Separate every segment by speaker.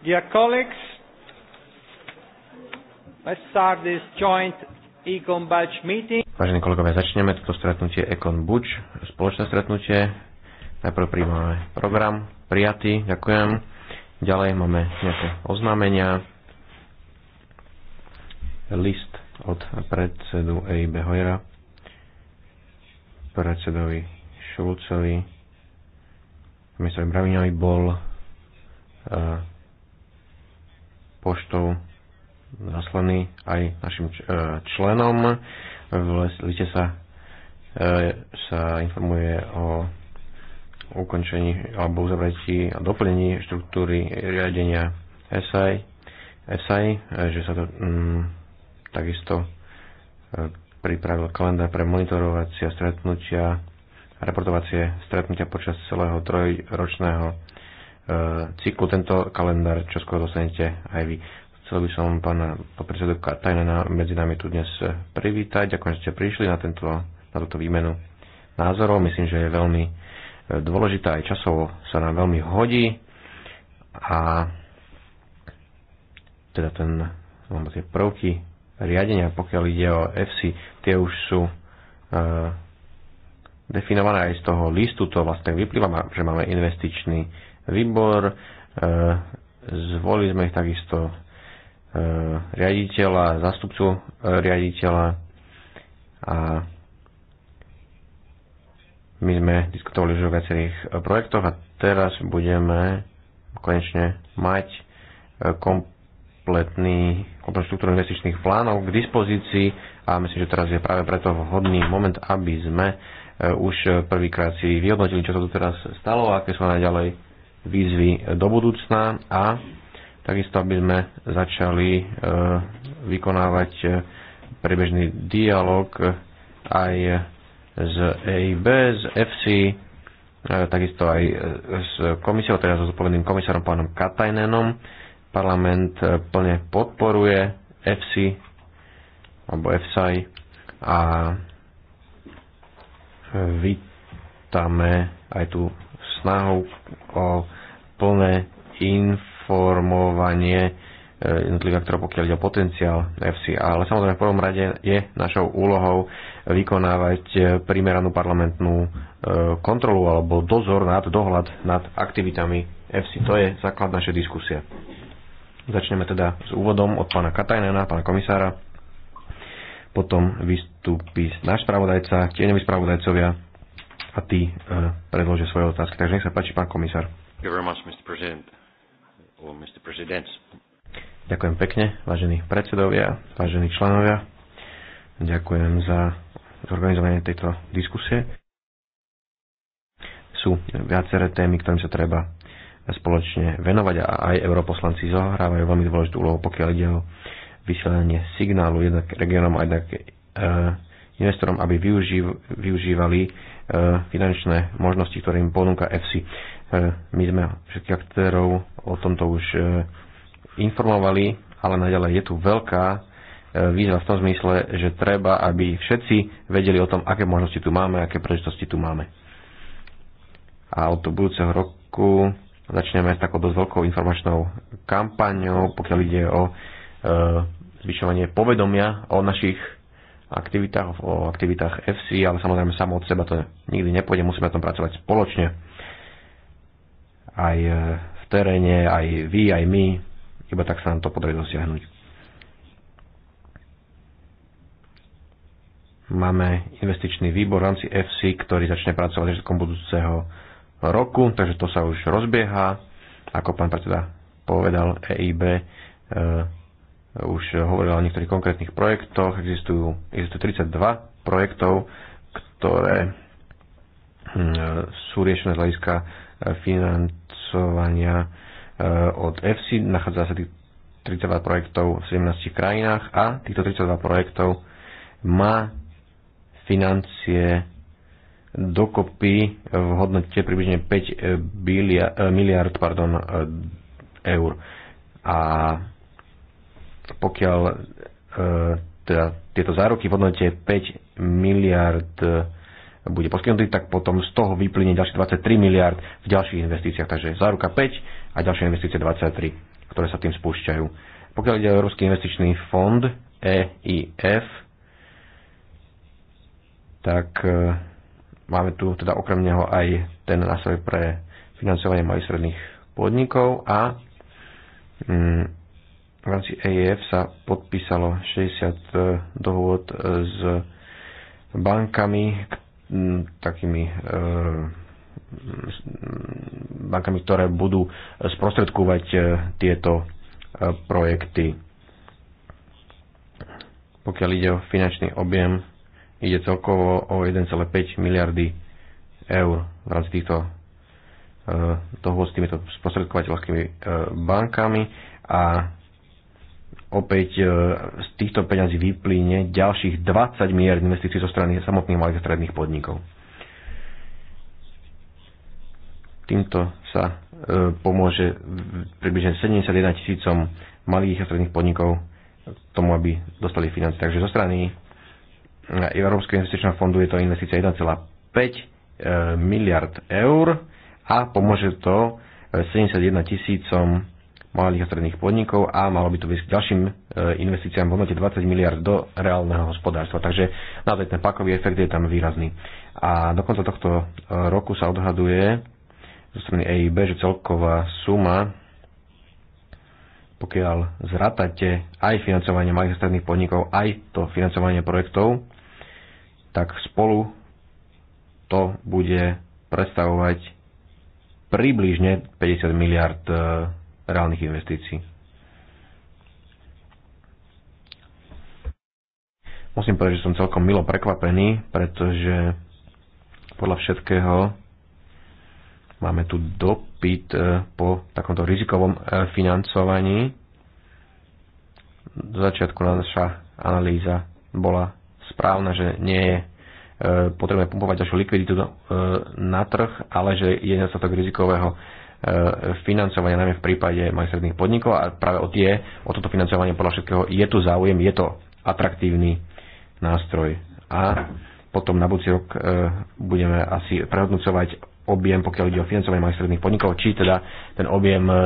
Speaker 1: Dear colleagues, let's start this
Speaker 2: joint Econ Budge meeting. Vážení kolegovia, začneme toto stretnutie Econ Buč, spoločné stretnutie. Najprv príjmame program, prijatý, ďakujem. Ďalej máme nejaké oznámenia. List od predsedu EIB Hojera, predsedovi Šulcovi, ministrovi Bravinovi bol uh, poštou zaslaný aj našim e, členom. V liste sa, e, sa informuje o ukončení alebo uzavretí a doplnení štruktúry riadenia SI, SI e, že sa to mm, takisto pripravil kalendár pre monitorovacie stretnutia, reportovacie stretnutia počas celého trojročného E, cyklu. Tento kalendár čo skoro dostanete aj vy. Chcel by som pána podpredsedu Katajnena medzi nami tu dnes e, privítať. Ďakujem, že ste prišli na, tento, na túto výmenu názorov. Myslím, že je veľmi e, dôležitá aj časovo sa nám veľmi hodí. A teda ten, tie prvky riadenia, pokiaľ ide o FC, tie už sú e, definované aj z toho listu, to vlastne vyplýva, že máme investičný výbor, e, zvolili sme ich takisto e, riaditeľa, zastupcu e, riaditeľa a my sme diskutovali už o viacerých projektoch a teraz budeme konečne mať kompletný, kompletnú štruktúru investičných plánov k dispozícii a myslím, že teraz je práve preto vhodný moment, aby sme už prvýkrát si vyhodnotili, čo sa tu teraz stalo a aké sú naďalej výzvy do budúcna a takisto, aby sme začali e, vykonávať e, prebežný dialog e, aj z EIB, z FC, takisto aj s komisiou, teda so zodpovedným komisárom pánom Katajnenom. Parlament plne podporuje FC alebo FSI a vítame aj tú snahou o plné informovanie e, jednotlivých aktorov, pokiaľ ide o potenciál FC. Ale samozrejme v prvom rade je našou úlohou vykonávať e, primeranú parlamentnú e, kontrolu alebo dozor nad, dohľad nad aktivitami FC. To je základ našej diskusie. Začneme teda s úvodom od pána Katajnena, pána komisára. Potom vystúpi náš spravodajca, tieňoví spravodajcovia, a tí e, predložia svoje otázky. Takže nech sa páči, pán komisár. Ďakujem pekne, vážení predsedovia, vážení členovia. Ďakujem za zorganizovanie tejto diskusie. Sú viaceré témy, ktorým sa treba spoločne venovať a aj europoslanci zohrávajú veľmi dôležitú úlohu, pokiaľ ide o vysielanie signálu jednak regionom a jednak e, investorom, aby využív, využívali e, finančné možnosti, ktoré im ponúka EFSI. My sme všetkých aktérov o tomto už e, informovali, ale naďalej je tu veľká e, výzva v tom zmysle, že treba, aby všetci vedeli o tom, aké možnosti tu máme, aké príležitosti tu máme. A od toho budúceho roku začneme s takou dosť veľkou informačnou kampaňou, pokiaľ ide o zvyšovanie povedomia o našich aktivitách, o aktivitách FC, ale samozrejme samo od seba to nikdy nepôjde, musíme na tom pracovať spoločne. Aj e, v teréne, aj vy, aj my, iba tak sa nám to podarí dosiahnuť. Máme investičný výbor v rámci FC, ktorý začne pracovať začiatkom budúceho roku, takže to sa už rozbieha. Ako pán predseda povedal, EIB e, už hovorila o niektorých konkrétnych projektoch. Existujú, existujú 32 projektov, ktoré hm, sú riešené z hľadiska eh, financovania eh, od EFSI. Nachádza sa tých 32 projektov v 17 krajinách a týchto 32 projektov má financie dokopy v hodnote približne 5 bilia, eh, miliard pardon, eur. A pokiaľ e, teda tieto záruky v hodnote 5 miliard e, bude poskytnutý, tak potom z toho vyplynie ďalších 23 miliard v ďalších investíciách. Takže záruka 5 a ďalšie investície 23, ktoré sa tým spúšťajú. Pokiaľ ide o Európsky investičný fond EIF, tak e, máme tu teda okrem neho aj ten nástroj pre financovanie malých stredných podnikov a mm, v rámci EIF sa podpísalo 60 e, dohôd e, s bankami, takými e, bankami, ktoré budú sprostredkovať tieto projekty. Pokiaľ ide o finančný objem, ide celkovo o 1,5 miliardy eur v rámci týchto dohôd s týmito sprostredkovateľskými bankami a opäť e, z týchto peňazí vyplyne ďalších 20 miliard investícií zo strany samotných malých a stredných podnikov. Týmto sa e, pomôže približne 71 tisícom malých a stredných podnikov k tomu, aby dostali financie. Takže zo strany e, Európskeho investičného fondu je to investícia 1,5 miliard eur a pomôže to 71 tisícom malých a stredných podnikov a malo by to viesť k ďalším e, investíciám v hodnote 20 miliard do reálneho hospodárstva. Takže naozaj ten pakový efekt je tam výrazný. A do konca tohto e, roku sa odhaduje zo strany EIB, že celková suma, pokiaľ zratate aj financovanie malých a stredných podnikov, aj to financovanie projektov, tak spolu to bude predstavovať približne 50 miliard e, reálnych investícií. Musím povedať, že som celkom milo prekvapený, pretože podľa všetkého máme tu dopyt e, po takomto rizikovom e, financovaní. Do začiatku naša analýza bola správna, že nie je e, potrebné pumpovať ďalšiu likviditu na trh, ale že je nedostatok rizikového E, financovania, najmä v prípade malých stredných podnikov a práve o tie, o toto financovanie podľa všetkého je tu záujem, je to atraktívny nástroj. A potom na budúci rok e, budeme asi prehodnocovať objem, pokiaľ ide o financovanie malých stredných podnikov, či teda ten objem e,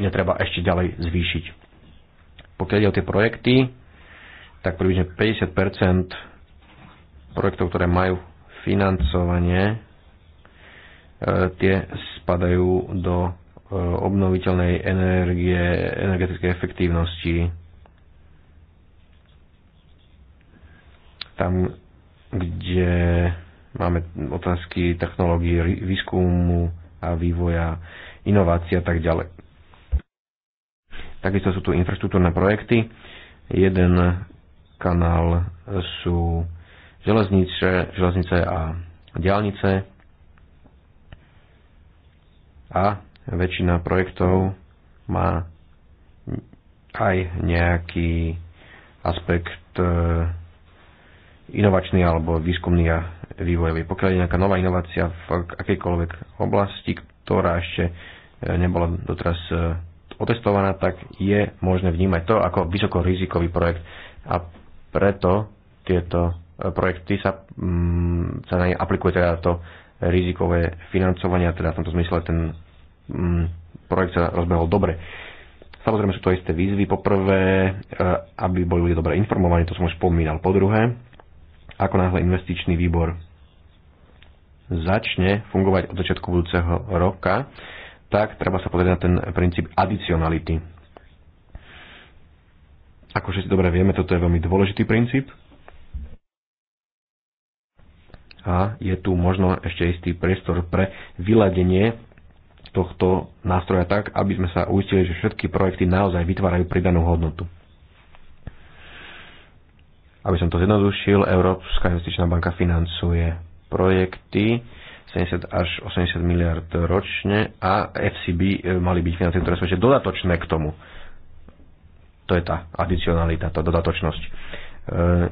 Speaker 2: netreba ešte ďalej zvýšiť. Pokiaľ ide o tie projekty, tak približne 50 projektov, ktoré majú financovanie E, tie spadajú do e, obnoviteľnej energie, energetickej efektívnosti. Tam, kde máme otázky technológií, výskumu a vývoja, inovácia a tak ďalej. Takisto sú tu infraštruktúrne projekty. Jeden kanál sú železnice, železnice a diálnice, a väčšina projektov má aj nejaký aspekt e, inovačný alebo výskumný a vývojový. Pokiaľ je nejaká nová inovácia v akejkoľvek oblasti, ktorá ešte e, nebola doteraz e, otestovaná, tak je možné vnímať to ako vysokorizikový projekt a preto tieto projekty sa, mm, sa na ne aplikuje teda to rizikové financovania, teda v tomto zmysle ten mm, projekt sa rozbehol dobre. Samozrejme sú to isté výzvy. Poprvé, e, aby boli ľudia dobre informovaní, to som už spomínal. Po druhé, ako náhle investičný výbor začne fungovať od začiatku budúceho roka, tak treba sa pozrieť na ten princíp adicionality. Ako všetci dobre vieme, toto je veľmi dôležitý princíp a je tu možno ešte istý priestor pre vyladenie tohto nástroja tak, aby sme sa uistili, že všetky projekty naozaj vytvárajú pridanú hodnotu. Aby som to zjednodušil, Európska investičná banka financuje projekty 70 až 80 miliard ročne a FCB e, mali byť financie, ktoré sú ešte dodatočné k tomu. To je tá adicionalita, tá dodatočnosť. E,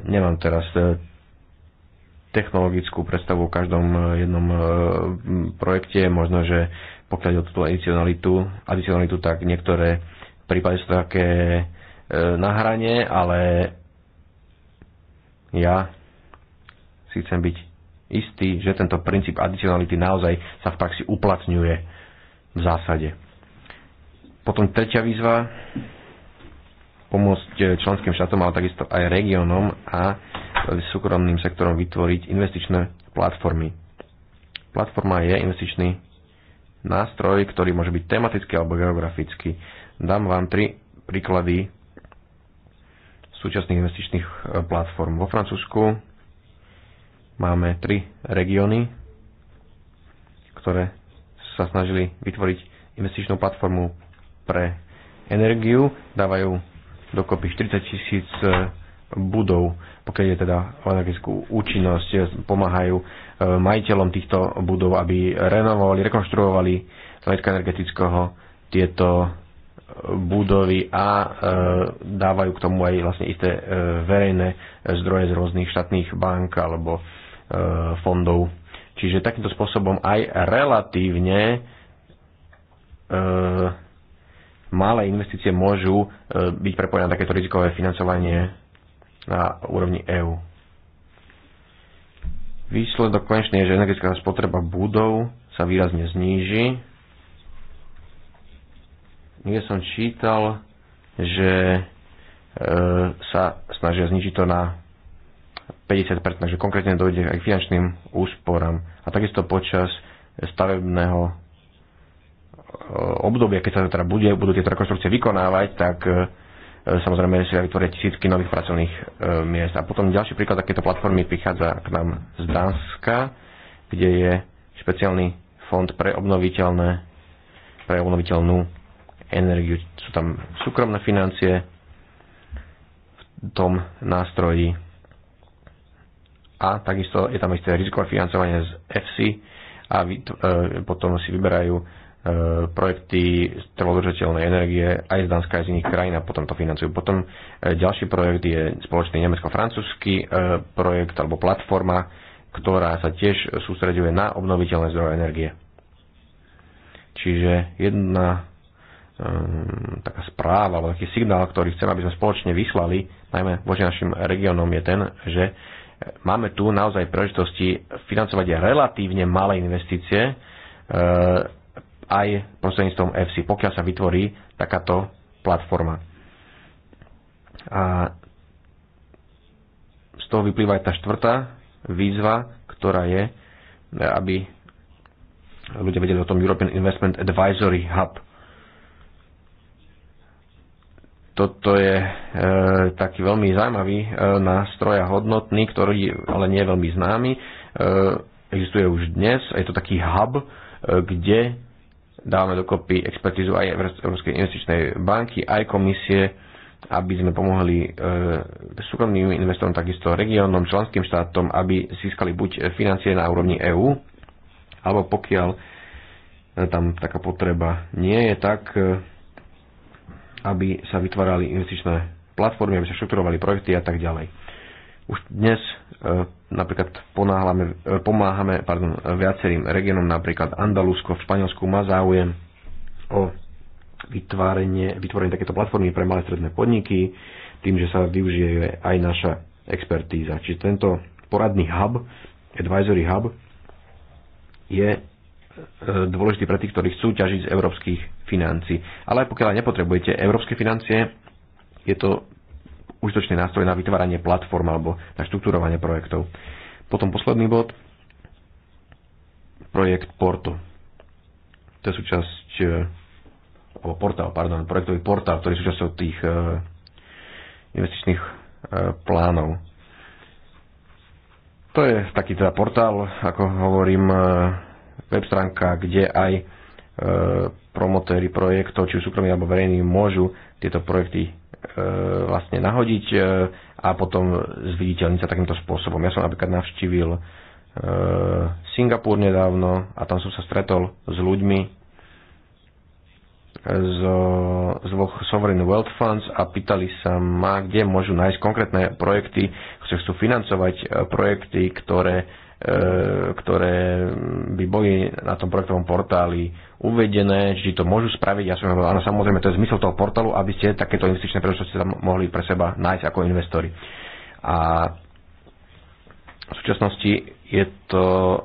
Speaker 2: nemám teraz e, technologickú predstavu o každom eh, jednom eh, projekte. Možno, že pokiaľ o tú adicionalitu, adicionalitu, tak niektoré prípady sú také eh, na hrane, ale ja si chcem byť istý, že tento princíp adicionality naozaj sa v praxi uplatňuje v zásade. Potom tretia výzva, pomôcť členským štátom, ale takisto aj regiónom a súkromným sektorom vytvoriť investičné platformy. Platforma je investičný nástroj, ktorý môže byť tematický alebo geografický. Dám vám tri príklady súčasných investičných e, platform. Vo Francúzsku máme tri regióny, ktoré sa snažili vytvoriť investičnú platformu pre energiu. Dávajú dokopy 40 tisíc e, budov, pokiaľ je teda o energetickú účinnosť, pomáhajú e, majiteľom týchto budov, aby renovovali, rekonštruovali z hľadiska energetického tieto e, budovy a e, dávajú k tomu aj vlastne isté e, verejné zdroje z rôznych štátnych bank alebo e, fondov. Čiže takýmto spôsobom aj relatívne e, malé investície môžu e, byť prepojené na takéto rizikové financovanie na úrovni EÚ. Výsledok konečný je, že energetická spotreba budov sa výrazne zníži. Niekde som čítal, že e, sa snažia znižiť to na 50%, takže konkrétne dojde aj k finančným úsporám. A takisto počas stavebného e, obdobia, keď sa teda bude, budú tieto rekonstrukcie vykonávať, tak e, E, samozrejme si vytvoria tisícky nových pracovných e, miest. A potom ďalší príklad takéto platformy prichádza k nám z Dánska, kde je špeciálny fond pre obnoviteľné, pre obnoviteľnú energiu. Sú tam súkromné financie v tom nástroji a takisto je tam isté rizikové financovanie z FC a e, potom si vyberajú E, projekty trvodržateľnej energie aj z Danska, aj z iných krajín a potom to financujú. Potom e, ďalší projekt je spoločný nemecko-francúzsky e, projekt alebo platforma, ktorá sa tiež sústreďuje na obnoviteľné zdroje energie. Čiže jedna taká správa alebo taký signál, ktorý chcem, aby sme spoločne vyslali, najmä voči našim regiónom, je ten, že máme tu naozaj príležitosti financovať relatívne malé investície, aj prostredníctvom FC, pokiaľ sa vytvorí takáto platforma. A z toho vyplýva aj tá štvrtá výzva, ktorá je, aby ľudia vedeli o tom European Investment Advisory Hub. Toto je e, taký veľmi zaujímavý e, nástroj a hodnotný, ktorý ale nie je veľmi známy. E, existuje už dnes. Je to taký hub, e, kde dávame dokopy expertizu aj Európskej investičnej banky, aj komisie, aby sme pomohli e, súkromným investorom, takisto regiónom, členským štátom, aby získali buď financie na úrovni EÚ, alebo pokiaľ e, tam taká potreba nie je, tak e, aby sa vytvárali investičné platformy, aby sa štrukturovali projekty a tak ďalej. Už dnes e, napríklad e, pomáhame pardon, viacerým regionom, napríklad Andalusko v Španielsku má záujem o vytvorenie, vytvorenie takéto platformy pre malé stredné podniky, tým, že sa využije aj naša expertíza. Čiže tento poradný hub, advisory hub, je e, dôležitý pre tých, ktorí chcú ťažiť z európskych financií. Ale aj pokiaľ nepotrebujete európske financie, je to užitočný nástroj na vytváranie platform alebo na štruktúrovanie projektov. Potom posledný bod, projekt Porto. To je súčasť, e, alebo portál, pardon, projektový portál, ktorý je súčasťou tých e, investičných e, plánov. To je taký teda portál, ako hovorím, web stránka, kde aj promotéry projektov, či súkromní alebo verejní, môžu tieto projekty E, vlastne nahodiť e, a potom zviditeľniť sa takýmto spôsobom. Ja som napríklad navštívil e, Singapur nedávno a tam som sa stretol s ľuďmi z, z dvoch Sovereign Wealth Funds a pýtali sa ma, kde môžu nájsť konkrétne projekty, ktoré chcú financovať projekty, ktoré, ktoré by boli na tom projektovom portáli uvedené, či to môžu spraviť. Ja som, áno, samozrejme, to je zmysel toho portálu, aby ste takéto investičné príležitosti tam mohli pre seba nájsť ako investori. A v súčasnosti je to e,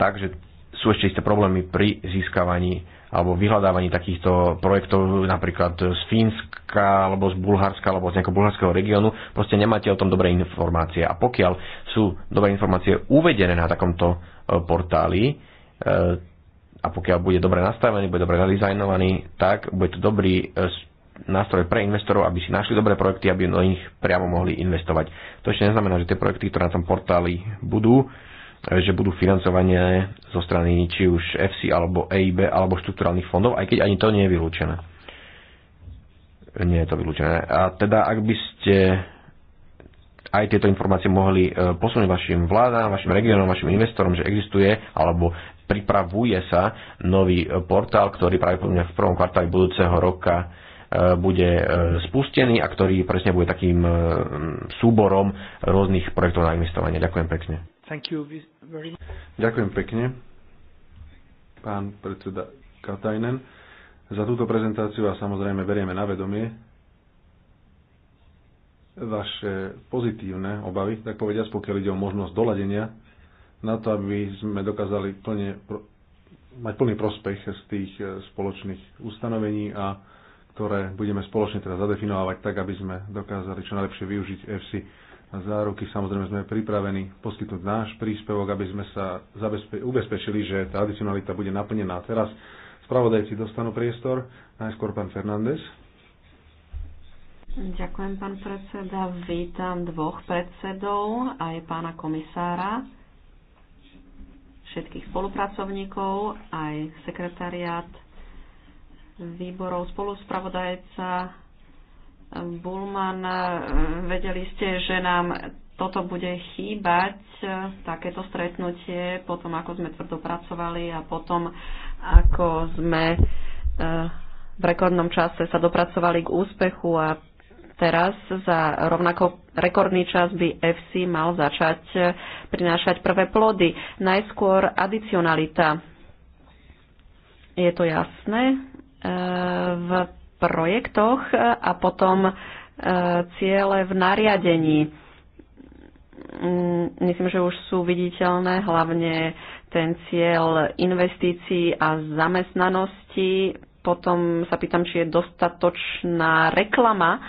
Speaker 2: tak, že sú ešte isté problémy pri získavaní alebo vyhľadávaní takýchto projektov napríklad z Fínska alebo z Bulharska alebo z nejakého bulharského regiónu. Proste nemáte o tom dobré informácie. A pokiaľ sú dobré informácie uvedené na takomto e, portáli, e, a pokiaľ bude dobre nastavený, bude dobre nadizajnovaný, tak bude to dobrý e, nástroj pre investorov, aby si našli dobré projekty, aby do nich priamo mohli investovať. To ešte neznamená, že tie projekty, ktoré na tom portáli budú, e, že budú financované zo strany či už FC alebo EIB alebo štrukturálnych fondov, aj keď ani to nie je vylúčené. Nie je to vylúčené. A teda, ak by ste aj tieto informácie mohli e, posunúť vašim vládám, vašim regiónom, vašim investorom, že existuje, alebo pripravuje sa nový e, portál, ktorý pravdepodobne v prvom kvartáli budúceho roka e, bude e, spustený a ktorý presne bude takým súborom rôznych projektov na investovanie. Ďakujem pekne.
Speaker 1: Ďakujem pekne, pán predseda Katajnen, za túto prezentáciu a samozrejme berieme na vedomie vaše pozitívne obavy, tak povediať, pokiaľ ide o možnosť doladenia na to, aby sme dokázali plne, mať plný prospech z tých e, spoločných ustanovení a ktoré budeme spoločne teda zadefinovať tak, aby sme dokázali čo najlepšie využiť EFSI a záruky. Samozrejme sme pripravení poskytnúť náš príspevok, aby sme sa ubezpečili, že tá adicionalita bude naplnená. Teraz spravodajci dostanú priestor. Najskôr pán Fernández.
Speaker 3: Ďakujem, pán predseda. Vítam dvoch predsedov, aj pána komisára všetkých spolupracovníkov, aj sekretariát výborov, spoluspravodajca Bulman. Vedeli ste, že nám toto bude chýbať, takéto stretnutie, potom ako sme tvrdo pracovali a potom ako sme eh, v rekordnom čase sa dopracovali k úspechu a teraz za rovnako rekordný čas by FC mal začať eh, prinášať prvé plody. Najskôr adicionalita. Je to jasné eh, v projektoch eh, a potom ciele v nariadení. Mm, myslím, že už sú viditeľné hlavne ten cieľ investícií a zamestnanosti potom sa pýtam, či je dostatočná reklama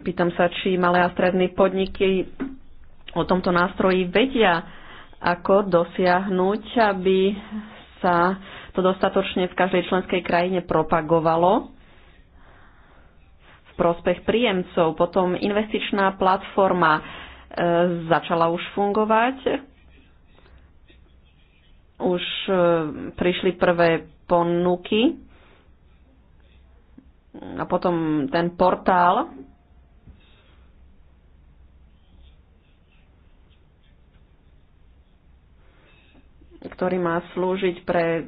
Speaker 3: Pýtam sa, či malé a stredné podniky o tomto nástroji vedia, ako dosiahnuť, aby sa to dostatočne v každej členskej krajine propagovalo v prospech príjemcov. Potom investičná platforma e, začala už fungovať. Už e, prišli prvé ponuky a potom ten portál ktorý má slúžiť pre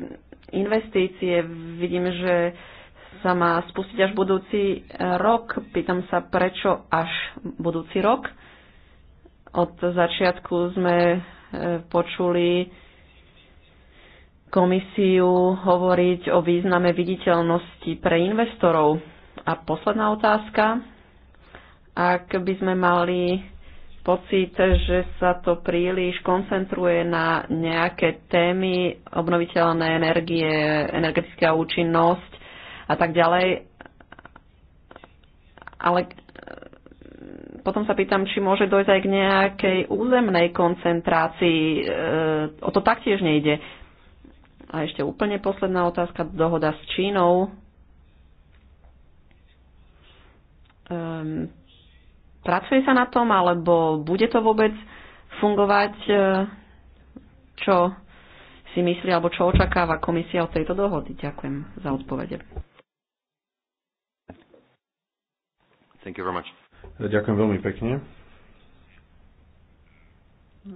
Speaker 3: investície. Vidím, že sa má spustiť až budúci rok. Pýtam sa, prečo až budúci rok? Od začiatku sme e, počuli komisiu hovoriť o význame viditeľnosti pre investorov. A posledná otázka. Ak by sme mali pocit, že sa to príliš koncentruje na nejaké témy, obnoviteľné energie, energetická účinnosť a tak ďalej. Ale e, potom sa pýtam, či môže dojsť aj k nejakej územnej koncentrácii. E, o to taktiež nejde. A ešte úplne posledná otázka, dohoda s Čínou. Ehm, Pracuje sa na tom, alebo bude to vôbec fungovať, e, čo si myslí, alebo čo očakáva komisia od tejto dohody? Ďakujem za odpovede.
Speaker 1: Thank you very much. Ďakujem veľmi pekne.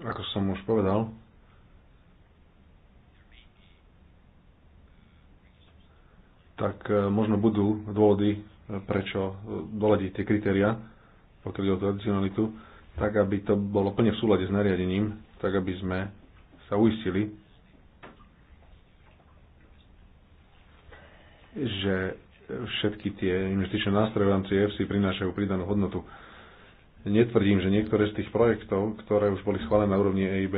Speaker 1: Ako som už povedal, tak e, možno budú dôvody, e, prečo doladiť tie kritéria pokiaľ o tradicionalitu, tak aby to bolo plne v súlade s nariadením, tak aby sme sa uistili, že všetky tie investičné nástroje v rámci EFSI prinášajú pridanú hodnotu. Netvrdím, že niektoré z tých projektov, ktoré už boli schválené na úrovni EIB,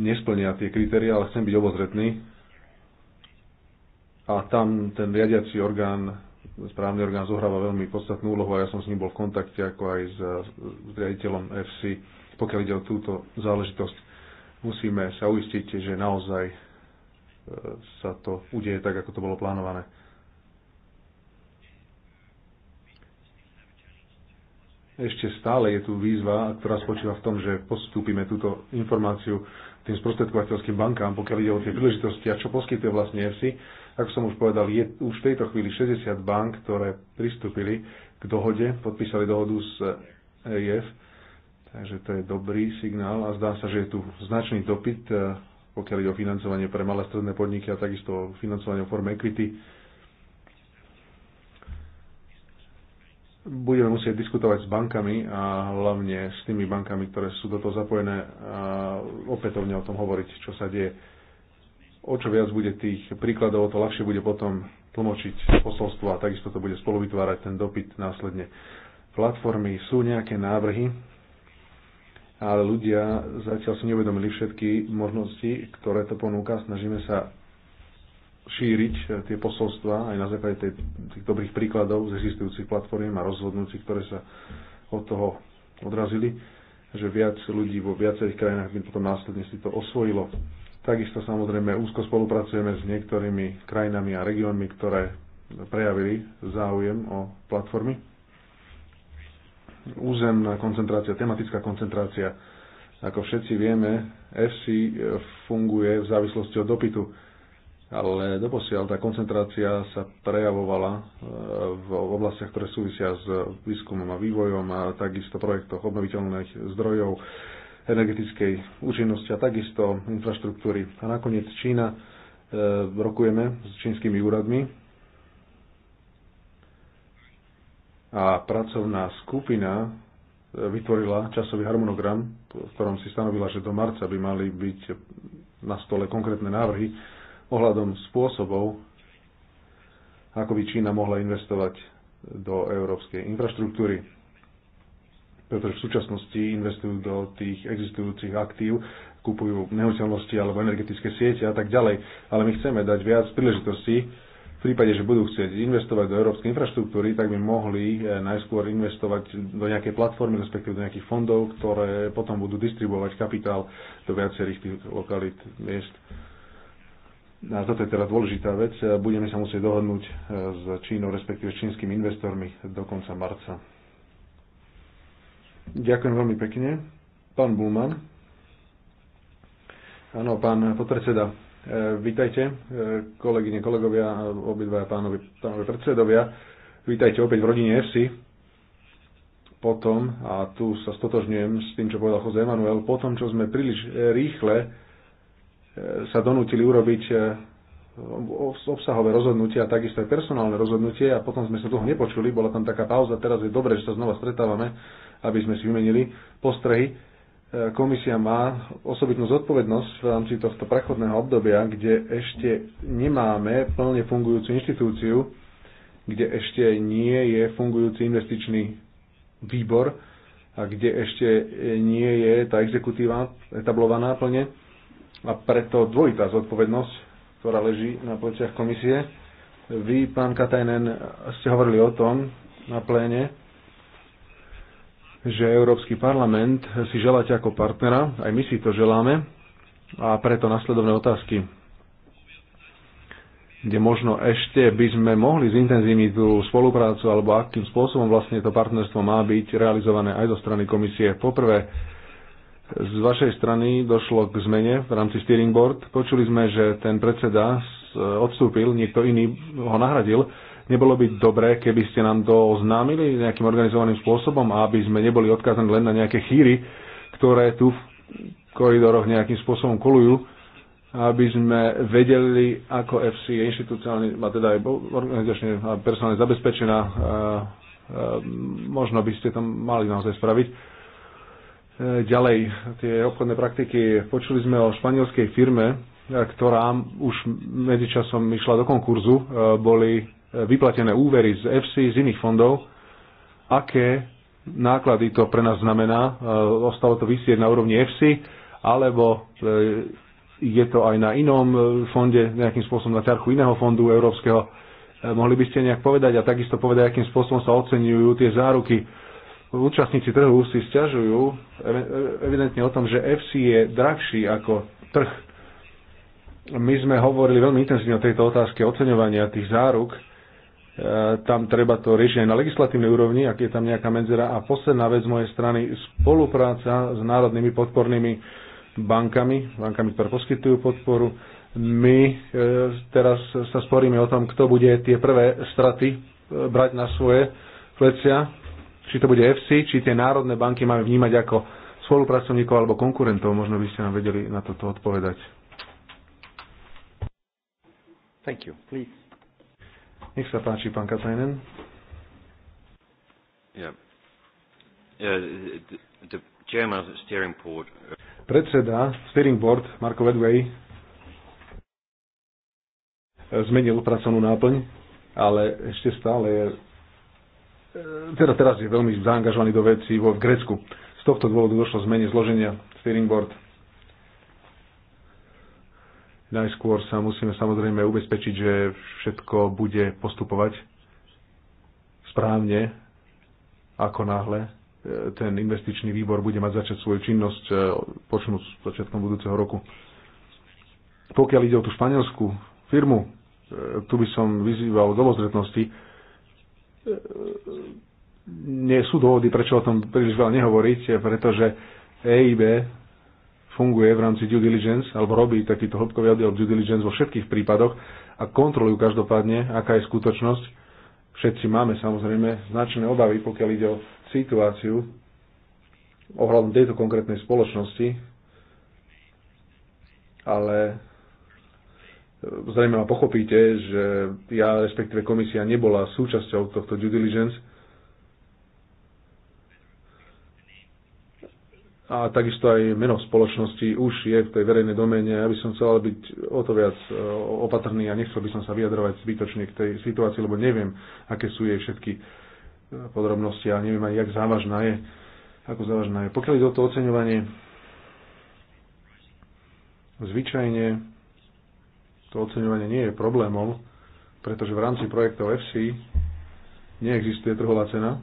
Speaker 1: nesplnia tie kritéria, ale chcem byť obozretný. A tam ten riadiaci orgán správny orgán zohráva veľmi podstatnú úlohu a ja som s ním bol v kontakte ako aj s, s riaditeľom FC, pokiaľ ide o túto záležitosť. Musíme sa uistiť, že naozaj e, sa to udeje tak, ako to bolo plánované. Ešte stále je tu výzva, ktorá spočíva v tom, že postúpime túto informáciu tým sprostredkovateľským bankám, pokiaľ ide o tie príležitosti a čo poskytuje vlastne EFSI ako som už povedal, je už v tejto chvíli 60 bank, ktoré pristúpili k dohode, podpísali dohodu s EIF, takže to je dobrý signál a zdá sa, že je tu značný dopyt, e, pokiaľ ide o financovanie pre malé stredné podniky a takisto o financovanie v forme equity. budeme musieť diskutovať s bankami a hlavne s tými bankami, ktoré sú do toho zapojené a opätovne o tom hovoriť, čo sa deje o čo viac bude tých príkladov, o to ľahšie bude potom tlmočiť posolstvo a takisto to bude spolu vytvárať ten dopyt následne. Platformy sú nejaké návrhy, ale ľudia zatiaľ si neuvedomili všetky možnosti, ktoré to ponúka. Snažíme sa šíriť tie posolstva aj na základe tej, tých dobrých príkladov z existujúcich platform a rozhodnúci, ktoré sa od toho odrazili, že viac ľudí vo viacerých krajinách by potom následne si to osvojilo. Takisto samozrejme úzko spolupracujeme s niektorými krajinami a regiónmi, ktoré prejavili záujem o platformy. Územná koncentrácia, tematická koncentrácia. Ako všetci vieme, FC funguje v závislosti od dopytu, ale doposiaľ tá koncentrácia sa prejavovala e, v oblastiach, ktoré súvisia s výskumom a vývojom a takisto projektoch obnoviteľných zdrojov, energetickej účinnosti a takisto infraštruktúry. A nakoniec Čína, e, rokujeme s čínskymi úradmi a pracovná skupina e, vytvorila časový harmonogram, v ktorom si stanovila, že do marca by mali byť na stole konkrétne návrhy ohľadom spôsobov, ako by Čína mohla investovať do európskej infraštruktúry pretože v súčasnosti investujú do tých existujúcich aktív, kupujú nehnuteľnosti alebo energetické siete a tak ďalej. Ale my chceme dať viac príležitostí. V prípade, že budú chcieť investovať do európskej infraštruktúry, tak by mohli eh, najskôr investovať do nejakej platformy, respektíve do nejakých fondov, ktoré potom budú distribuovať kapitál do viacerých tých lokalít, miest. A toto je teda dôležitá vec. Budeme sa musieť dohodnúť eh, s Čínou, respektíve s čínskymi investormi do konca marca. Ďakujem veľmi pekne. Pán Bulman. Áno, pán podpredseda, e, vítajte, e, kolegyne, kolegovia, obidvaja pánovi, pánovi predsedovia. Vítajte opäť v rodine EFSI. Potom, a tu sa stotožňujem s tým, čo povedal Jose Emanuel, potom, čo sme príliš e, rýchle sa donútili urobiť obsahové rozhodnutie a takisto aj personálne rozhodnutie a potom sme sa toho nepočuli, bola tam taká pauza, teraz je dobre, že sa znova stretávame aby sme si vymenili postrehy. E, komisia má osobitnú zodpovednosť v rámci tohto prechodného obdobia, kde ešte nemáme plne fungujúcu inštitúciu, kde ešte nie je fungujúci investičný výbor a kde ešte nie je tá exekutíva etablovaná plne. A preto dvojitá zodpovednosť, ktorá leží na pleciach komisie. Vy, pán Katajnen, ste hovorili o tom na pléne, že Európsky parlament si želáte ako partnera, aj my si to želáme, a preto nasledovné otázky, kde možno ešte by sme mohli zintenzívniť tú spoluprácu alebo akým spôsobom vlastne to partnerstvo má byť realizované aj zo strany komisie. Poprvé, z vašej strany došlo k zmene v rámci steering board. Počuli sme, že ten predseda odstúpil, niekto iný ho nahradil Nebolo by dobré, keby ste nám to oznámili nejakým organizovaným spôsobom, aby sme neboli odkázaní len na nejaké chýry, ktoré tu v koridoroch nejakým spôsobom kolujú, aby sme vedeli, ako FC je inštitucionálne, a teda aj organizačne a personálne zabezpečená. A, a, možno by ste tam mali naozaj spraviť. E, ďalej, tie obchodné praktiky. Počuli sme o španielskej firme, ktorá už medzičasom išla do konkurzu. E, boli vyplatené úvery z FC, z iných fondov, aké náklady to pre nás znamená. E, ostalo to vysieť na úrovni FC, alebo e, je to aj na inom e, fonde, nejakým spôsobom na ťarchu iného fondu európskeho. Mohli by ste nejak povedať a takisto povedať, akým spôsobom sa oceňujú tie záruky. Účastníci trhu si stiažujú evidentne o tom, že FC je drahší ako trh. My sme hovorili veľmi intenzívne o tejto otázke oceňovania tých záruk E, tam treba to riešiť aj na legislatívnej úrovni, ak je tam nejaká medzera. A posledná vec z mojej strany, spolupráca s národnými podpornými bankami, bankami, ktoré poskytujú podporu. My e, teraz sa sporíme o tom, kto bude tie prvé straty e, brať na svoje plecia, či to bude FC, či tie národné banky máme vnímať ako spolupracovníkov alebo konkurentov. Možno by ste nám vedeli na toto odpovedať.
Speaker 2: Thank you. Please.
Speaker 1: Nech sa páči, pán Katajnen. Predseda steering board, Marko Wedway, zmenil pracovnú náplň, ale ešte stále je e, teda teraz je veľmi zaangažovaný do veci vo v Grécku. Z tohto dôvodu došlo zmene zloženia steering board Najskôr sa musíme samozrejme ubezpečiť, že všetko bude postupovať správne, ako náhle e, ten investičný výbor bude mať začať svoju činnosť e, počnúť s začiatkom budúceho roku. Pokiaľ ide o tú španielskú firmu, e, tu by som vyzýval do obozretnosti. Nie sú dôvody, prečo o tom príliš veľa nehovoriť, pretože EIB funguje v rámci due diligence, alebo robí takýto hĺbkový oddiel due diligence vo všetkých prípadoch a kontrolujú každopádne, aká je skutočnosť. Všetci máme samozrejme značné obavy, pokiaľ ide o situáciu ohľadom tejto konkrétnej spoločnosti, ale e, zrejme ma pochopíte, že ja, respektíve komisia, nebola súčasťou tohto due diligence, a takisto aj meno spoločnosti už je v tej verejnej domene. Ja by som chcel byť o to viac e, opatrný a nechcel by som sa vyjadrovať zbytočne k tej situácii, lebo neviem, aké sú jej všetky e, podrobnosti a neviem ani, jak závažná je. Ako závažná je. Pokiaľ ide o to oceňovanie, zvyčajne to oceňovanie nie je problémom, pretože v rámci projektov FC neexistuje trhová cena,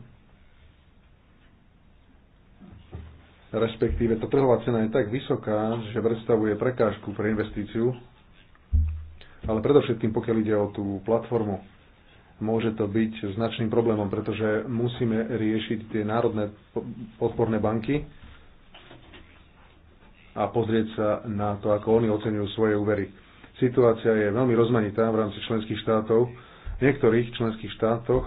Speaker 1: respektíve tá trhová cena je tak vysoká, že predstavuje prekážku pre investíciu, ale predovšetkým pokiaľ ide o tú platformu, môže to byť značným problémom, pretože musíme riešiť tie národné podporné banky a pozrieť sa na to, ako oni ocenujú svoje úvery. Situácia je veľmi rozmanitá v rámci členských štátov. V niektorých členských štátoch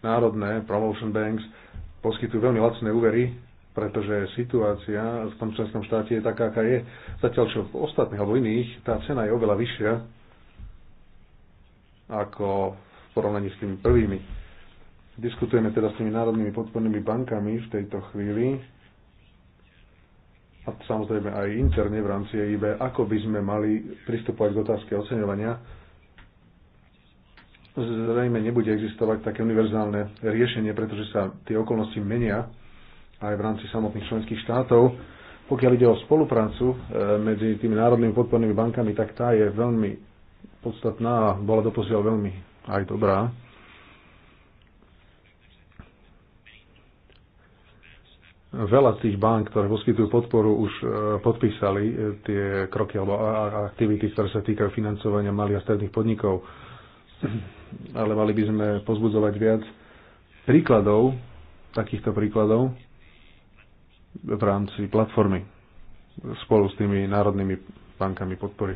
Speaker 1: národné promotion banks poskytujú veľmi lacné úvery pretože situácia v tom členskom štáte je taká, aká je. Zatiaľ čo v ostatných alebo iných, tá cena je oveľa vyššia ako v porovnaní s tými prvými. Diskutujeme teda s tými národnými podpornými bankami v tejto chvíli a samozrejme aj interne v rámci EIB, ako by sme mali pristupovať k otázke oceňovania. Zrejme nebude existovať také univerzálne riešenie, pretože sa tie okolnosti menia aj v rámci samotných členských štátov. Pokiaľ ide o spoluprácu e, medzi tými národnými podpornými bankami, tak tá je veľmi podstatná a bola doposiaľ veľmi aj dobrá. Veľa z tých bank, ktoré poskytujú podporu, už e, podpísali e, tie kroky alebo aktivity, ktoré sa týkajú financovania malých a stredných podnikov. Ale mali by sme pozbudzovať viac príkladov, takýchto príkladov, v rámci platformy spolu s tými národnými bankami podpory.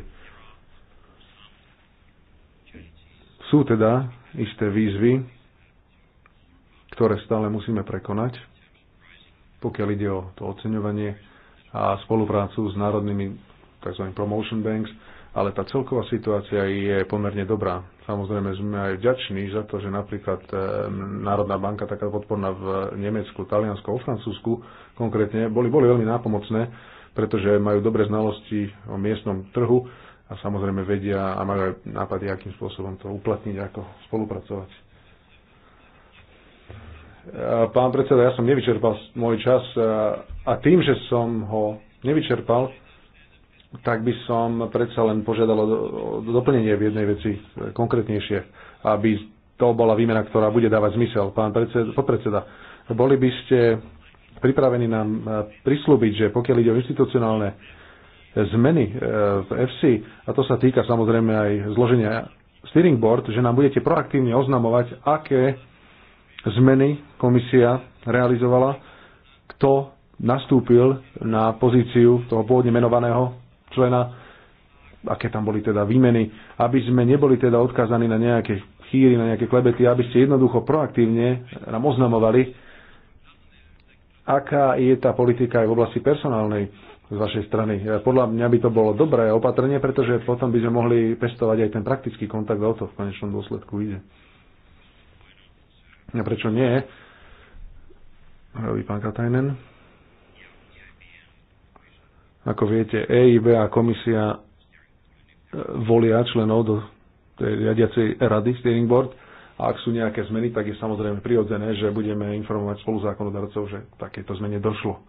Speaker 1: Sú teda isté výzvy, ktoré stále musíme prekonať, pokiaľ ide o to oceňovanie a spoluprácu s národnými tzv. promotion banks, ale tá celková situácia je pomerne dobrá. Samozrejme sme aj vďační za to, že napríklad e, Národná banka, taká podporná v Nemecku, Taliansku, o Francúzsku konkrétne, boli, boli veľmi nápomocné, pretože majú dobré znalosti o miestnom trhu a samozrejme vedia a majú aj nápady, akým spôsobom to uplatniť, ako spolupracovať. E, pán predseda, ja som nevyčerpal môj čas e, a tým, že som ho nevyčerpal, tak by som predsa len požiadal o doplnenie v jednej veci e, konkrétnejšie, aby to bola výmena, ktorá bude dávať zmysel. Pán predseda, podpredseda, boli by ste pripravení nám e, prislúbiť, že pokiaľ ide o institucionálne e, zmeny v FC, a to sa týka samozrejme aj zloženia steering board, že nám budete proaktívne oznamovať, aké zmeny komisia realizovala, kto nastúpil na pozíciu toho pôvodne menovaného člena, aké tam boli teda výmeny, aby sme neboli teda odkázaní na nejaké chýry, na nejaké klebety, aby ste jednoducho proaktívne nám oznamovali, aká je tá politika aj v oblasti personálnej z vašej strany. Podľa mňa by to bolo dobré opatrenie, pretože potom by sme mohli pestovať aj ten praktický kontakt a o to v konečnom dôsledku ide. A prečo nie? Robí pán Katajnen. Ako viete, EIB a komisia e, volia členov do tej riadiacej rady steering board a ak sú nejaké zmeny, tak je samozrejme prirodzené, že budeme informovať spoluzákonodarcov, že takéto zmene došlo.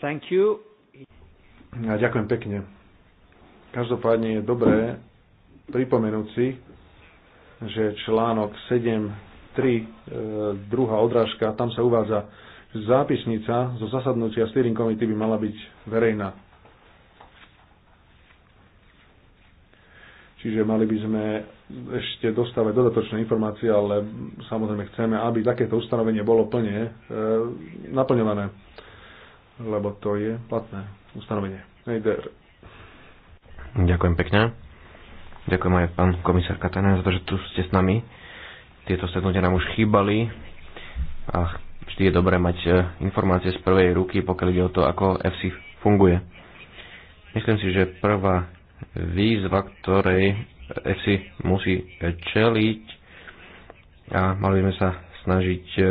Speaker 1: Thank you. A ďakujem pekne. Každopádne je dobré pripomenúť si, že článok 7.3, e, druhá odrážka, tam sa uvádza Zápisnica zo zasadnutia steering committee by mala byť verejná. Čiže mali by sme ešte dostávať dodatočné informácie, ale samozrejme chceme, aby takéto ustanovenie bolo plne e, naplňované, lebo to je platné ustanovenie. Nejder.
Speaker 2: Ďakujem pekne. Ďakujem aj pán komisár za to, že tu ste s nami. Tieto stretnutia nám už chýbali a vždy je dobré mať e, informácie z prvej ruky, pokiaľ ide o to, ako FC funguje. Myslím si, že prvá výzva, ktorej FC musí čeliť a mali by sme sa snažiť e,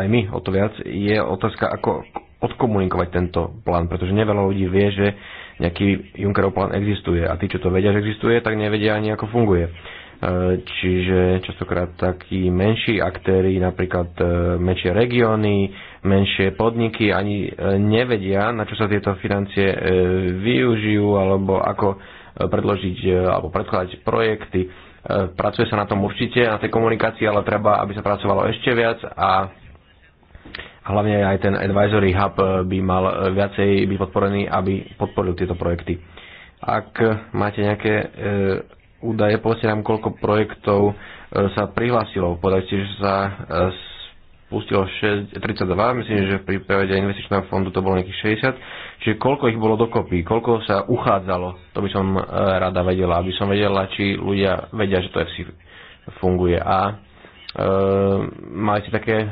Speaker 2: aj my o to viac, je otázka, ako odkomunikovať tento plán, pretože neveľa ľudí vie, že nejaký Junckerov plán existuje a tí, čo to vedia, že existuje, tak nevedia ani ako funguje čiže častokrát takí menší aktéry, napríklad e, menšie regióny, menšie podniky ani e, nevedia, na čo sa tieto financie e, využijú alebo ako predložiť alebo predkladať projekty. Pracuje sa na tom určite, na tej komunikácii, ale treba, aby sa pracovalo ešte viac a hlavne aj ten advisory hub by mal viacej byť podporený, aby podporil tieto projekty. Ak máte nejaké údaje, posieram, koľko projektov e, sa prihlásilo. Podať si, že sa e, spustilo 6, 32, myslím, že v prípade investičného fondu to bolo nejakých 60. Čiže koľko ich bolo dokopy, koľko sa uchádzalo, to by som e, rada vedela, aby som vedela, či ľudia vedia, že to FC funguje. A e, máte také e,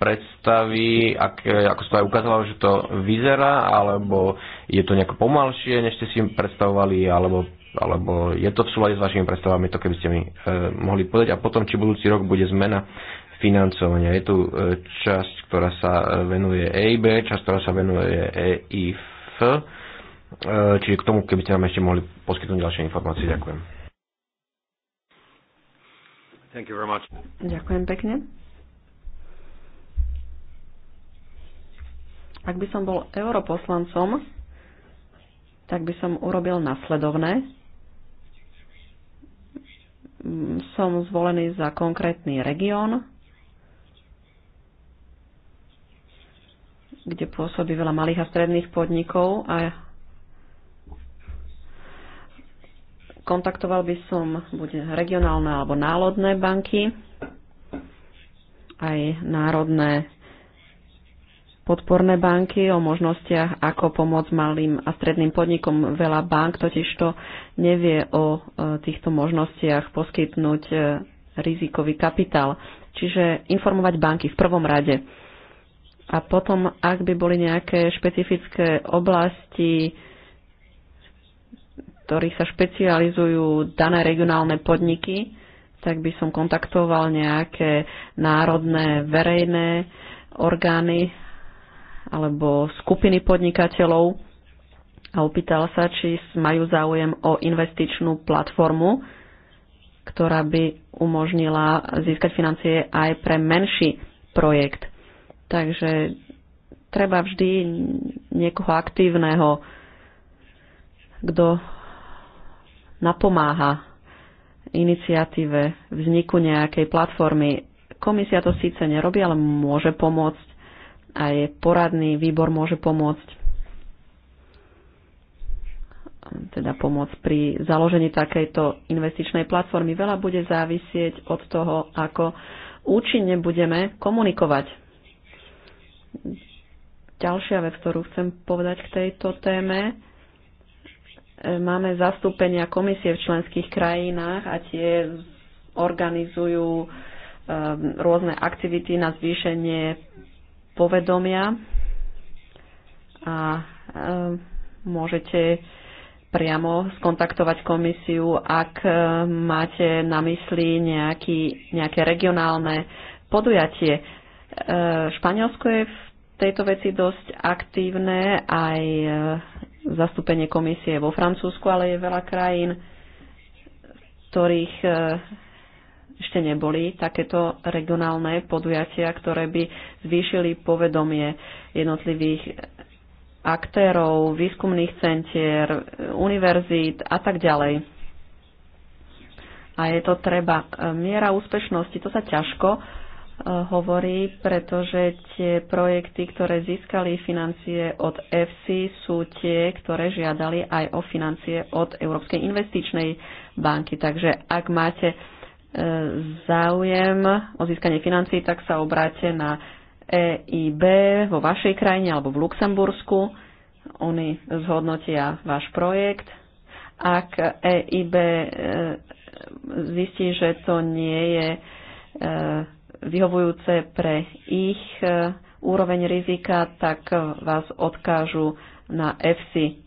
Speaker 2: predstavy, ak, ako sa to aj ukázalo, že to vyzerá, alebo je to nejako pomalšie, než ste si predstavovali, alebo alebo je to v súlade s vašimi predstavami, to keby ste mi e, mohli povedať. A potom, či budúci rok bude zmena financovania. Je tu e, časť, ktorá sa e, venuje EIB, časť, ktorá sa venuje EIF. E, čiže k tomu, keby ste nám ešte mohli poskytnúť ďalšie informácie.
Speaker 1: Ďakujem. Thank you very
Speaker 3: much. Ďakujem pekne. Ak by som bol europoslancom, tak by som urobil nasledovné. Mm, som zvolený za konkrétny región, kde pôsobí veľa malých a stredných podnikov a kontaktoval by som buď regionálne alebo národné banky, aj národné podporné banky, o možnostiach, ako pomôcť malým a stredným podnikom. Veľa bank totiž to nevie o e, týchto možnostiach poskytnúť e, rizikový kapitál. Čiže informovať banky v prvom rade. A potom, ak by boli nejaké špecifické oblasti, ktorých sa špecializujú dané regionálne podniky, tak by som kontaktoval nejaké národné verejné orgány alebo skupiny podnikateľov a opýtala sa, či majú záujem o investičnú platformu, ktorá by umožnila získať financie aj pre menší projekt. Takže treba vždy niekoho aktívneho, kto napomáha iniciatíve vzniku nejakej platformy. Komisia to síce nerobí, ale môže pomôcť aj poradný výbor môže pomôcť teda pomôcť pri založení takejto investičnej platformy. Veľa bude závisieť od toho, ako účinne budeme komunikovať. Ďalšia vec, ktorú chcem povedať k tejto téme, e, máme zastúpenia komisie v členských krajinách a tie organizujú e, rôzne aktivity na zvýšenie povedomia a e, môžete priamo skontaktovať komisiu, ak e, máte na mysli nejaký, nejaké regionálne podujatie. E, Španielsko je v tejto veci dosť aktívne, aj zastúpenie komisie vo Francúzsku, ale je veľa krajín, ktorých. ktorých ešte neboli takéto regionálne podujatia, ktoré by zvýšili povedomie jednotlivých aktérov, výskumných centier, univerzít a tak ďalej. A je to treba. Miera úspešnosti, to sa ťažko eh, hovorí, pretože tie projekty, ktoré získali financie od FC, sú tie, ktoré žiadali aj o financie od Európskej investičnej banky. Takže ak máte záujem o získanie financií, tak sa obráte na EIB vo vašej krajine alebo v Luxembursku. Oni zhodnotia váš projekt. Ak EIB e, zistí, že to nie je e, vyhovujúce pre ich e, úroveň rizika, tak vás odkážu na EFSI.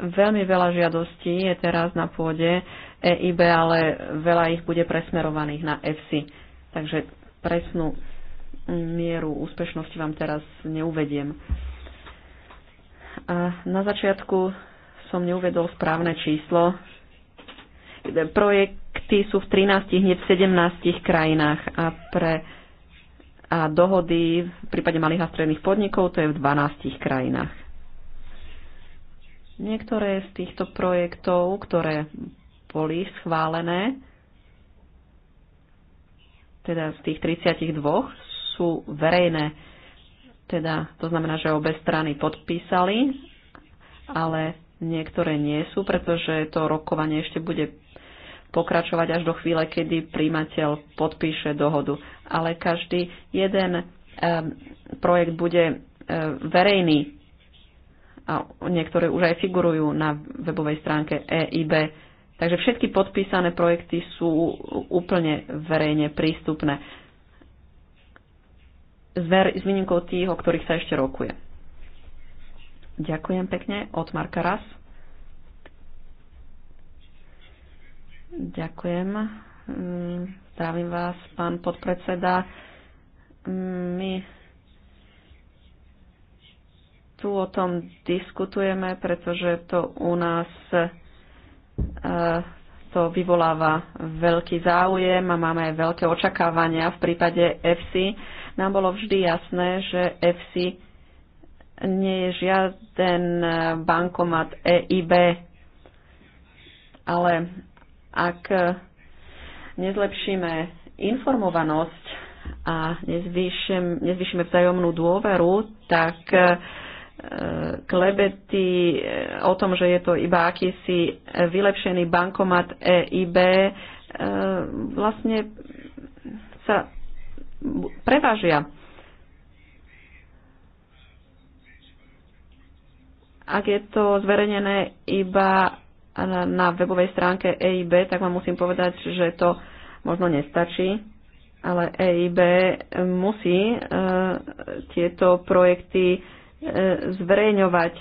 Speaker 3: Veľmi veľa žiadostí je teraz na pôde EIB, ale veľa ich bude presmerovaných na EFSI. Takže presnú mieru úspešnosti vám teraz neuvediem. A na začiatku som neuvedol správne číslo. Projekty sú v 13, hneď v 17 krajinách a pre a dohody v prípade malých a stredných podnikov to je v 12 krajinách. Niektoré z týchto projektov, ktoré boli schválené, teda z tých 32 sú verejné. Teda to znamená, že obe strany podpísali, ale niektoré nie sú, pretože to rokovanie ešte bude pokračovať až do chvíle, kedy príjimateľ podpíše dohodu. Ale každý jeden projekt bude verejný a niektoré už aj figurujú na webovej stránke EIB. Takže všetky podpísané projekty sú úplne verejne prístupné. S výnimkou tých, o ktorých sa ešte rokuje. Ďakujem pekne. Od Marka Raz. Ďakujem. Mm, zdravím vás, pán podpredseda. Mm, my tu o tom diskutujeme, pretože to u nás Eh, to vyvoláva veľký záujem a máme aj veľké očakávania v prípade FC. Nám bolo vždy jasné, že FC nie je žiaden eh, bankomat EIB, ale ak eh, nezlepšíme informovanosť a nezvýšime vzájomnú dôveru, tak klebety eh, o tom, že je to iba akýsi vylepšený bankomat EIB, eh, vlastne sa prevážia. Ak je to zverejnené iba na webovej stránke EIB, tak vám musím povedať, že to možno nestačí, ale EIB musí eh, tieto projekty zverejňovať.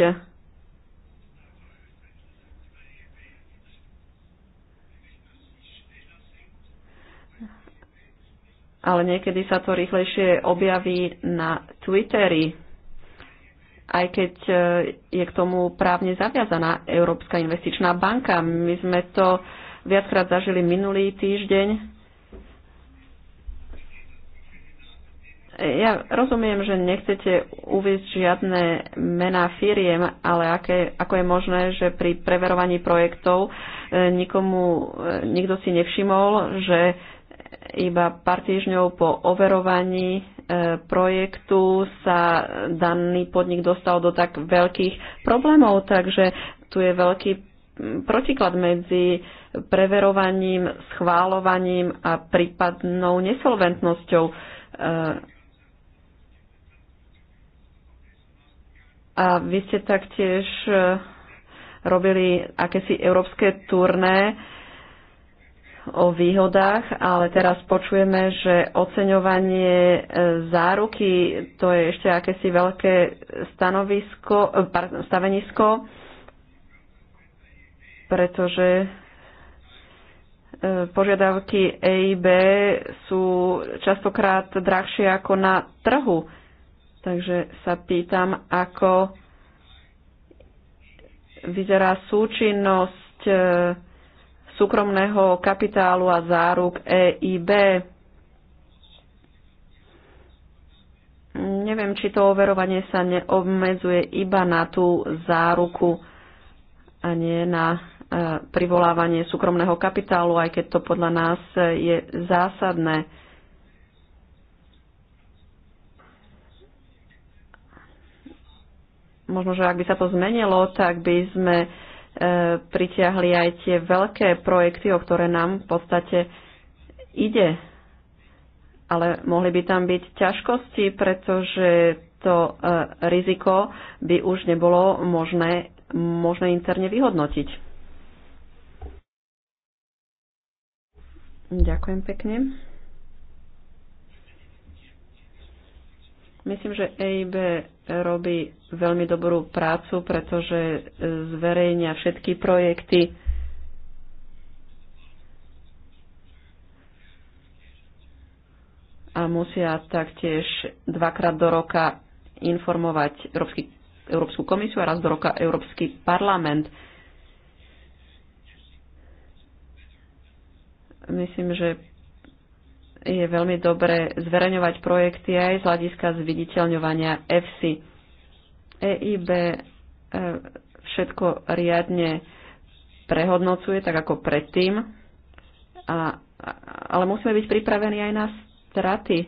Speaker 3: Ale niekedy sa to rýchlejšie objaví na Twitteri, aj keď e, je k tomu právne zaviazaná Európska investičná banka. My sme to viackrát zažili minulý týždeň Ja rozumiem, že nechcete uvieť žiadne mená firiem, ale aké, ako je možné, že pri preverovaní projektov e, nikomu, e, nikto si nevšimol, že iba pár týždňov po overovaní e, projektu sa daný podnik dostal do tak veľkých problémov, takže tu je veľký protiklad medzi preverovaním, schválovaním a prípadnou nesolventnosťou A vy ste taktiež e, robili akési európske turné o výhodách, ale teraz počujeme, že oceňovanie e, záruky to je ešte akési veľké stanovisko, e, stavenisko, pretože požiadavky EIB sú častokrát drahšie ako na trhu. Takže sa pýtam, ako vyzerá súčinnosť e, súkromného kapitálu a záruk EIB. Neviem, či to overovanie sa neobmedzuje iba na tú záruku a nie na e, privolávanie súkromného kapitálu, aj keď to podľa nás e, je zásadné. možno, že ak by sa to zmenilo, tak by sme e, pritiahli aj tie veľké projekty, o ktoré nám v podstate ide. Ale mohli by tam byť ťažkosti, pretože to e, riziko by už nebolo možné, možné interne vyhodnotiť. Ďakujem pekne. Myslím, že EIB robí veľmi dobrú prácu, pretože e, zverejňa všetky projekty. A musia taktiež dvakrát do roka informovať Európsky, Európsku komisiu a raz do roka Európsky parlament. Myslím, že je veľmi dobre zverejňovať projekty aj z hľadiska zviditeľňovania EFSI. EIB e, všetko riadne prehodnocuje, tak ako predtým, a, ale musíme byť pripravení aj na straty,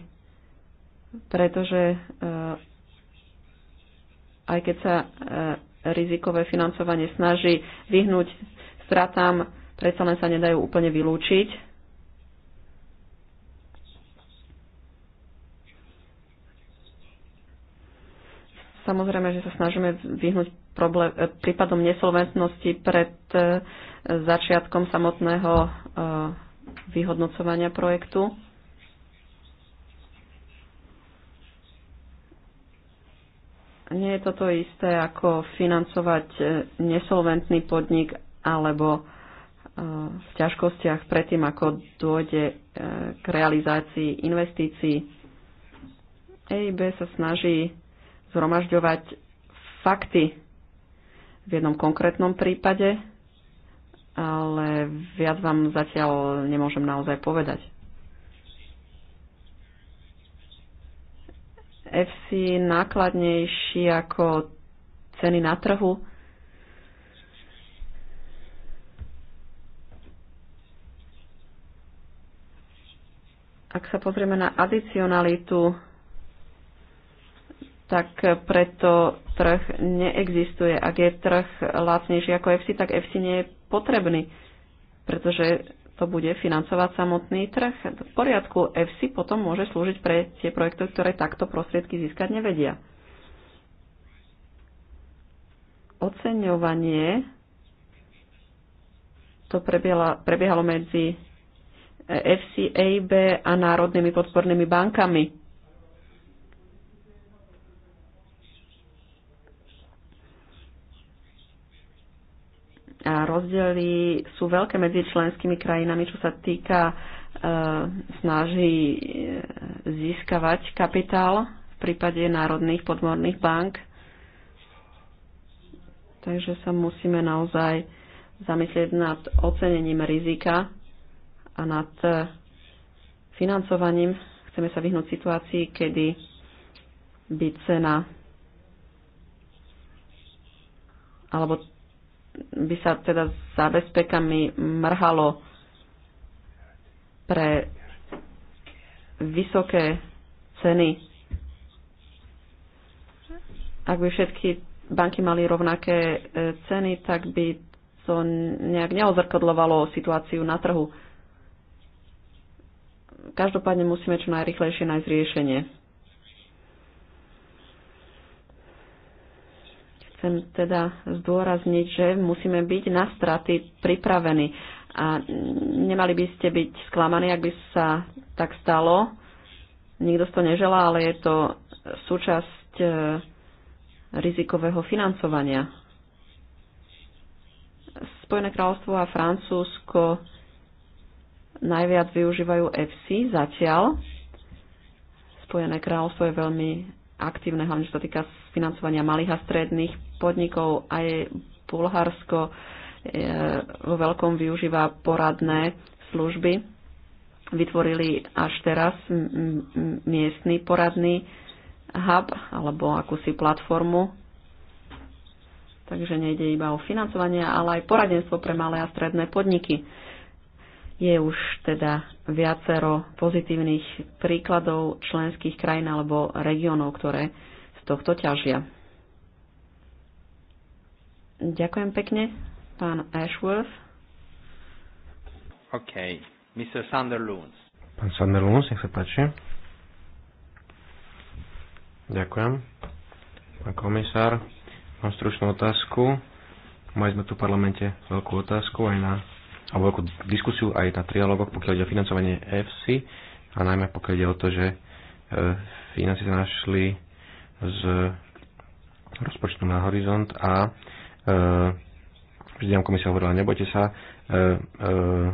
Speaker 3: pretože e, aj keď sa e, rizikové financovanie snaží vyhnúť stratám, predsa len sa nedajú úplne vylúčiť Samozrejme, že sa snažíme vyhnúť problém, e, prípadom nesolventnosti pred e, začiatkom samotného e, vyhodnocovania projektu. Nie je toto isté ako financovať nesolventný podnik alebo v ťažkostiach predtým, ako dôjde k realizácii investícií. EIB sa snaží zhromažďovať fakty v jednom konkrétnom prípade, ale viac vám zatiaľ nemôžem naozaj povedať. FC nákladnejší ako ceny na trhu. Ak sa pozrieme na adicionalitu tak preto trh neexistuje. Ak je trh lacnejší ako EFSI, tak EFSI nie je potrebný, pretože to bude financovať samotný trh. V poriadku, EFSI potom môže slúžiť pre tie projekty, ktoré takto prostriedky získať nevedia. Oceňovanie to prebiehalo, prebiehalo medzi FCAB a národnými podpornými bankami rozdiely sú veľké medzi členskými krajinami, čo sa týka e, snaží e, získavať kapitál v prípade národných podmorných bank. Takže sa musíme naozaj zamyslieť nad ocenením rizika a nad e, financovaním. Chceme sa vyhnúť situácii, kedy by cena alebo by sa teda za bezpekami mrhalo pre vysoké ceny. Ak by všetky banky mali rovnaké e, ceny, tak by to nejak neozrkodlovalo situáciu na trhu. Každopádne musíme čo najrychlejšie nájsť riešenie. Chcem teda zdôrazniť, že musíme byť na straty pripravení a nemali by ste byť sklamaní, ak by sa tak stalo. Nikto to neželá, ale je to súčasť e, rizikového financovania. Spojené kráľovstvo a Francúzsko najviac využívajú FC zatiaľ. Spojené kráľovstvo je veľmi aktívne, hlavne čo sa týka financovania malých a stredných podnikov. Aj Bulharsko e, vo veľkom využíva poradné služby. Vytvorili až teraz miestny poradný hub alebo akúsi platformu. Takže nejde iba o financovanie, ale aj poradenstvo pre malé a stredné podniky. Je už teda viacero pozitívnych príkladov členských krajín alebo regiónov, ktoré z tohto ťažia. Ďakujem pekne. Pán Ashworth.
Speaker 2: OK. Mr. Sanderlunds. Pán Sanderlunds, nech sa páči. Ďakujem. Pán komisár, mám stručnú otázku. Mali sme tu v parlamente veľkú otázku aj na alebo veľkú diskusiu aj na trialogoch, pokiaľ ide o financovanie EFSI a najmä pokiaľ ide o to, že e, financie sa našli z rozpočtu na horizont a prezident eh, nám komisia hovorila, nebojte sa, eh, eh,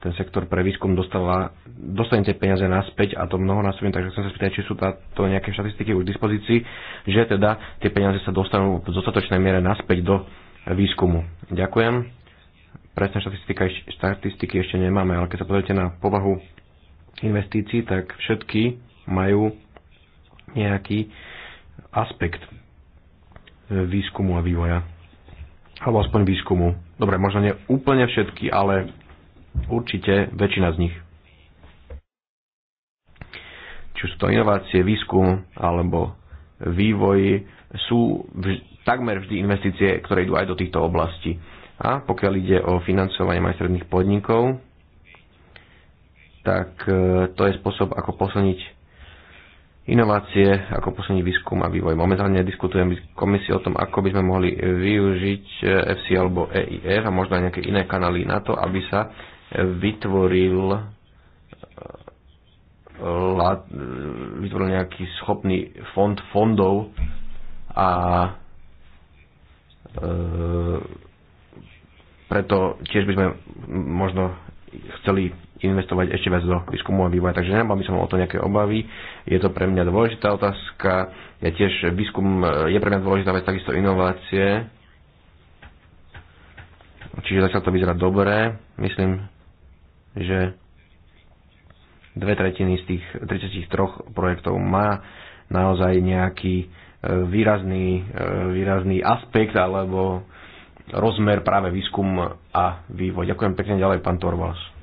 Speaker 2: ten sektor pre výskum dostala, dostanete peniaze naspäť a to mnohonásobne, takže chcem sa spýtať, či sú to nejaké štatistiky už k dispozícii, že teda tie peniaze sa dostanú v dostatočnej miere naspäť do výskumu. Ďakujem. Presné štatistika, štatistiky ešte nemáme, ale keď sa pozrite na povahu investícií, tak všetky majú nejaký aspekt výskumu a vývoja alebo aspoň výskumu. Dobre, možno nie úplne všetky, ale určite väčšina z nich. Či sú to inovácie, výskum alebo vývoj, sú vž- takmer vždy investície, ktoré idú aj do týchto oblastí. A pokiaľ ide o financovanie majstredných podnikov, tak e, to je spôsob, ako posilniť inovácie, ako posledný výskum a vývoj. Momentálne diskutujem s komisiou o tom, ako by sme mohli využiť eh, FC alebo EIF a možno aj nejaké iné kanály na to, aby sa vytvoril eh, eh, vytvoril nejaký schopný fond fondov a e, preto tiež by sme možno chceli investovať ešte viac do výskumu a vývoja. Takže nemal by som o to nejaké obavy. Je to pre mňa dôležitá otázka. Ja tiež výskum e, je pre mňa dôležitá vec, takisto inovácie. Čiže zatiaľ to vyzerá dobre. Myslím, že dve tretiny z tých 33 projektov má naozaj nejaký e, výrazný, e, výrazný aspekt alebo rozmer práve výskum a vývoj. Ďakujem pekne ďalej, pán Torvalds.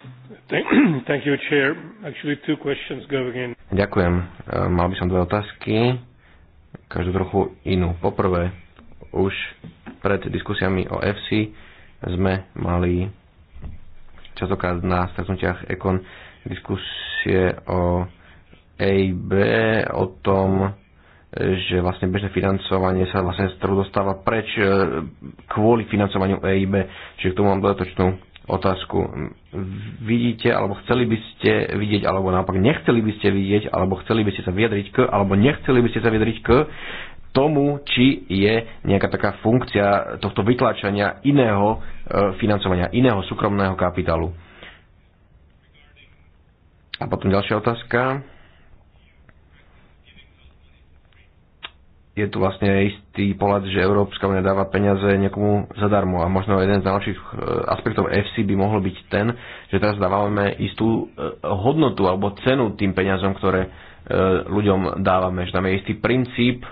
Speaker 1: Thank you, Chair. Actually, two questions
Speaker 2: Ďakujem. E, mal by som dve otázky, každú trochu inú. Poprvé, už pred diskusiami o FC sme mali častokrát na stretnutiach Ekon diskusie o EIB, o tom, že vlastne bežné financovanie sa vlastne z trhu dostáva preč e, kvôli financovaniu EIB. Čiže k tomu mám dodatočnú otázku. Vidíte, alebo chceli by ste vidieť, alebo naopak nechceli by ste vidieť, alebo chceli by ste sa vyjadriť k, alebo nechceli by ste sa vyjadriť k tomu, či je nejaká taká funkcia tohto vytláčania iného e, financovania, iného súkromného kapitálu. A potom ďalšia otázka. je tu vlastne istý pohľad, že Európska únia dáva peniaze niekomu zadarmo a možno jeden z najlepších eh, aspektov FC by mohol byť ten, že teraz dávame istú eh, hodnotu alebo cenu tým peniazom, ktoré eh, ľuďom dávame. Že tam je istý princíp,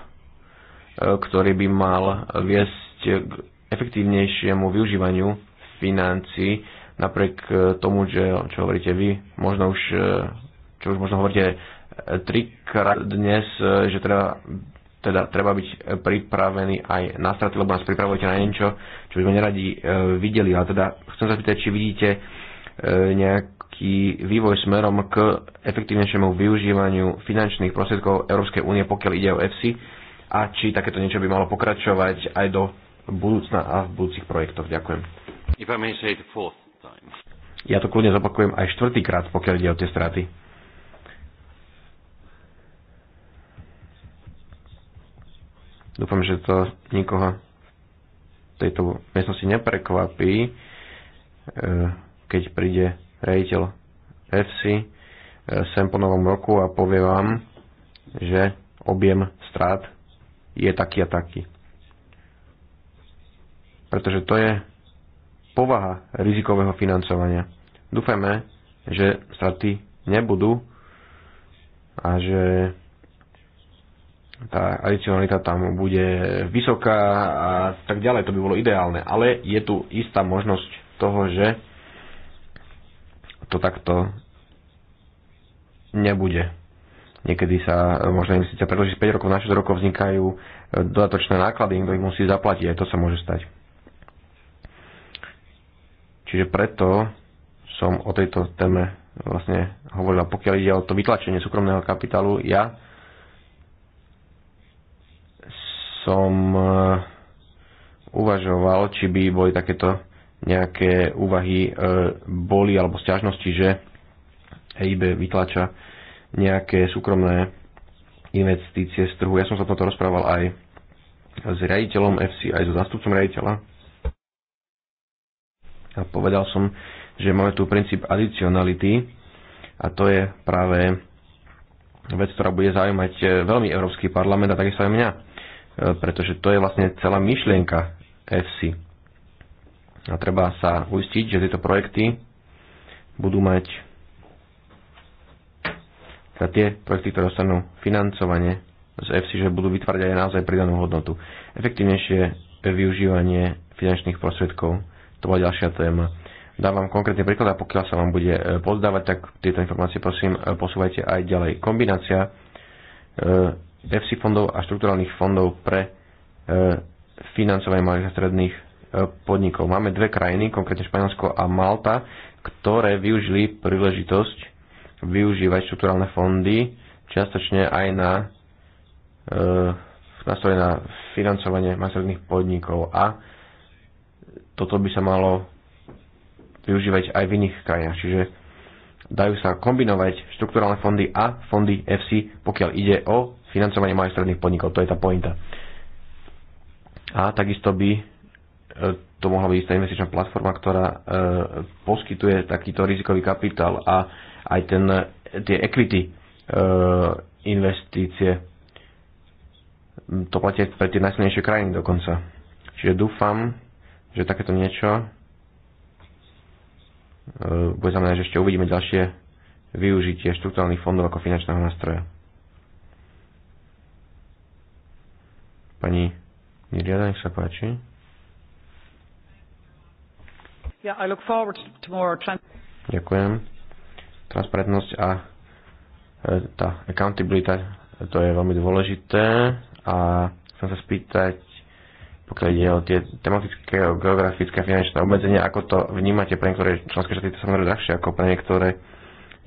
Speaker 2: ktorý by mal viesť k efektívnejšiemu využívaniu financí napriek tomu, že, čo hovoríte vy, možno už, čo už možno hovoríte trikrát dnes, že teda teda treba byť e, pripravený aj na straty, lebo nás pripravujete na niečo, čo by sme neradi e, videli. Ale teda chcem sa spýtať, či vidíte e, nejaký vývoj smerom k efektívnejšiemu využívaniu finančných prostriedkov Európskej únie, pokiaľ ide o EFSI a či takéto niečo by malo pokračovať aj do budúcna a v budúcich projektoch. Ďakujem. Ja to kľudne zopakujem aj štvrtýkrát, pokiaľ ide o tie straty. Dúfam, že to nikoho v tejto miestnosti neprekvapí, e, keď príde rejiteľ FC e, sem po novom roku a povie vám, že objem strát je taký a taký. Pretože to je povaha rizikového financovania. Dúfame, že straty nebudú a že tá adicionalita tam bude vysoká a tak ďalej, to by bolo ideálne. Ale je tu istá možnosť toho, že to takto nebude. Niekedy sa možno investícia predloží z 5 rokov na 6 rokov, vznikajú dodatočné náklady, niekto ich musí zaplatiť, aj to sa môže stať. Čiže preto som o tejto téme vlastne hovoril, pokiaľ ide o to vytlačenie súkromného kapitálu, ja som e, uvažoval, či by boli takéto nejaké úvahy e, boli alebo sťažnosti, že EIB vytlača nejaké súkromné investície z trhu. Ja som sa toto rozprával aj s riaditeľom FC, aj so zastupcom riaditeľa. A povedal som, že máme tu princíp adicionality a to je práve vec, ktorá bude zaujímať e, veľmi Európsky parlament a takisto aj mňa pretože to je vlastne celá myšlienka FC. A treba sa uistiť, že tieto projekty budú mať na tie projekty, ktoré dostanú financovanie z FC, že budú vytvárať aj naozaj pridanú hodnotu. Efektívnejšie využívanie finančných prostriedkov, to bola ďalšia téma. Dám vám konkrétny príklad a pokiaľ sa vám bude e, pozdávať, tak tieto informácie prosím e, posúvajte aj ďalej. Kombinácia e, EFSI fondov a štrukturálnych fondov pre e, financovanie malých a stredných e, podnikov. Máme dve krajiny, konkrétne Španielsko a Malta, ktoré využili príležitosť využívať štrukturálne fondy čiastočne aj na e, nástroje na financovanie masovných podnikov a toto by sa malo využívať aj v iných krajinách. Čiže dajú sa kombinovať štrukturálne fondy a fondy FC, pokiaľ ide o financovanie malých stredných podnikov. To je tá pointa. A takisto by e, to mohla byť istá investičná platforma, ktorá e, poskytuje takýto rizikový kapitál a aj ten, tie equity e, investície. To platí pre tie najsilnejšie krajiny dokonca. Čiže dúfam, že takéto niečo bude znamená, že ešte uvidíme ďalšie využitie štruktúrnych fondov ako finančného nástroja. Pani Miriada, nech sa páči.
Speaker 1: Yeah, I look forward to more
Speaker 2: Ďakujem. Transparentnosť a e, tá accountability, to je veľmi dôležité a chcem sa spýtať, pokiaľ ide o tie tematické, geografické a finančné obmedzenia, ako to vnímate pre niektoré členské štáty, to samozrejme ľahšie ako pre niektoré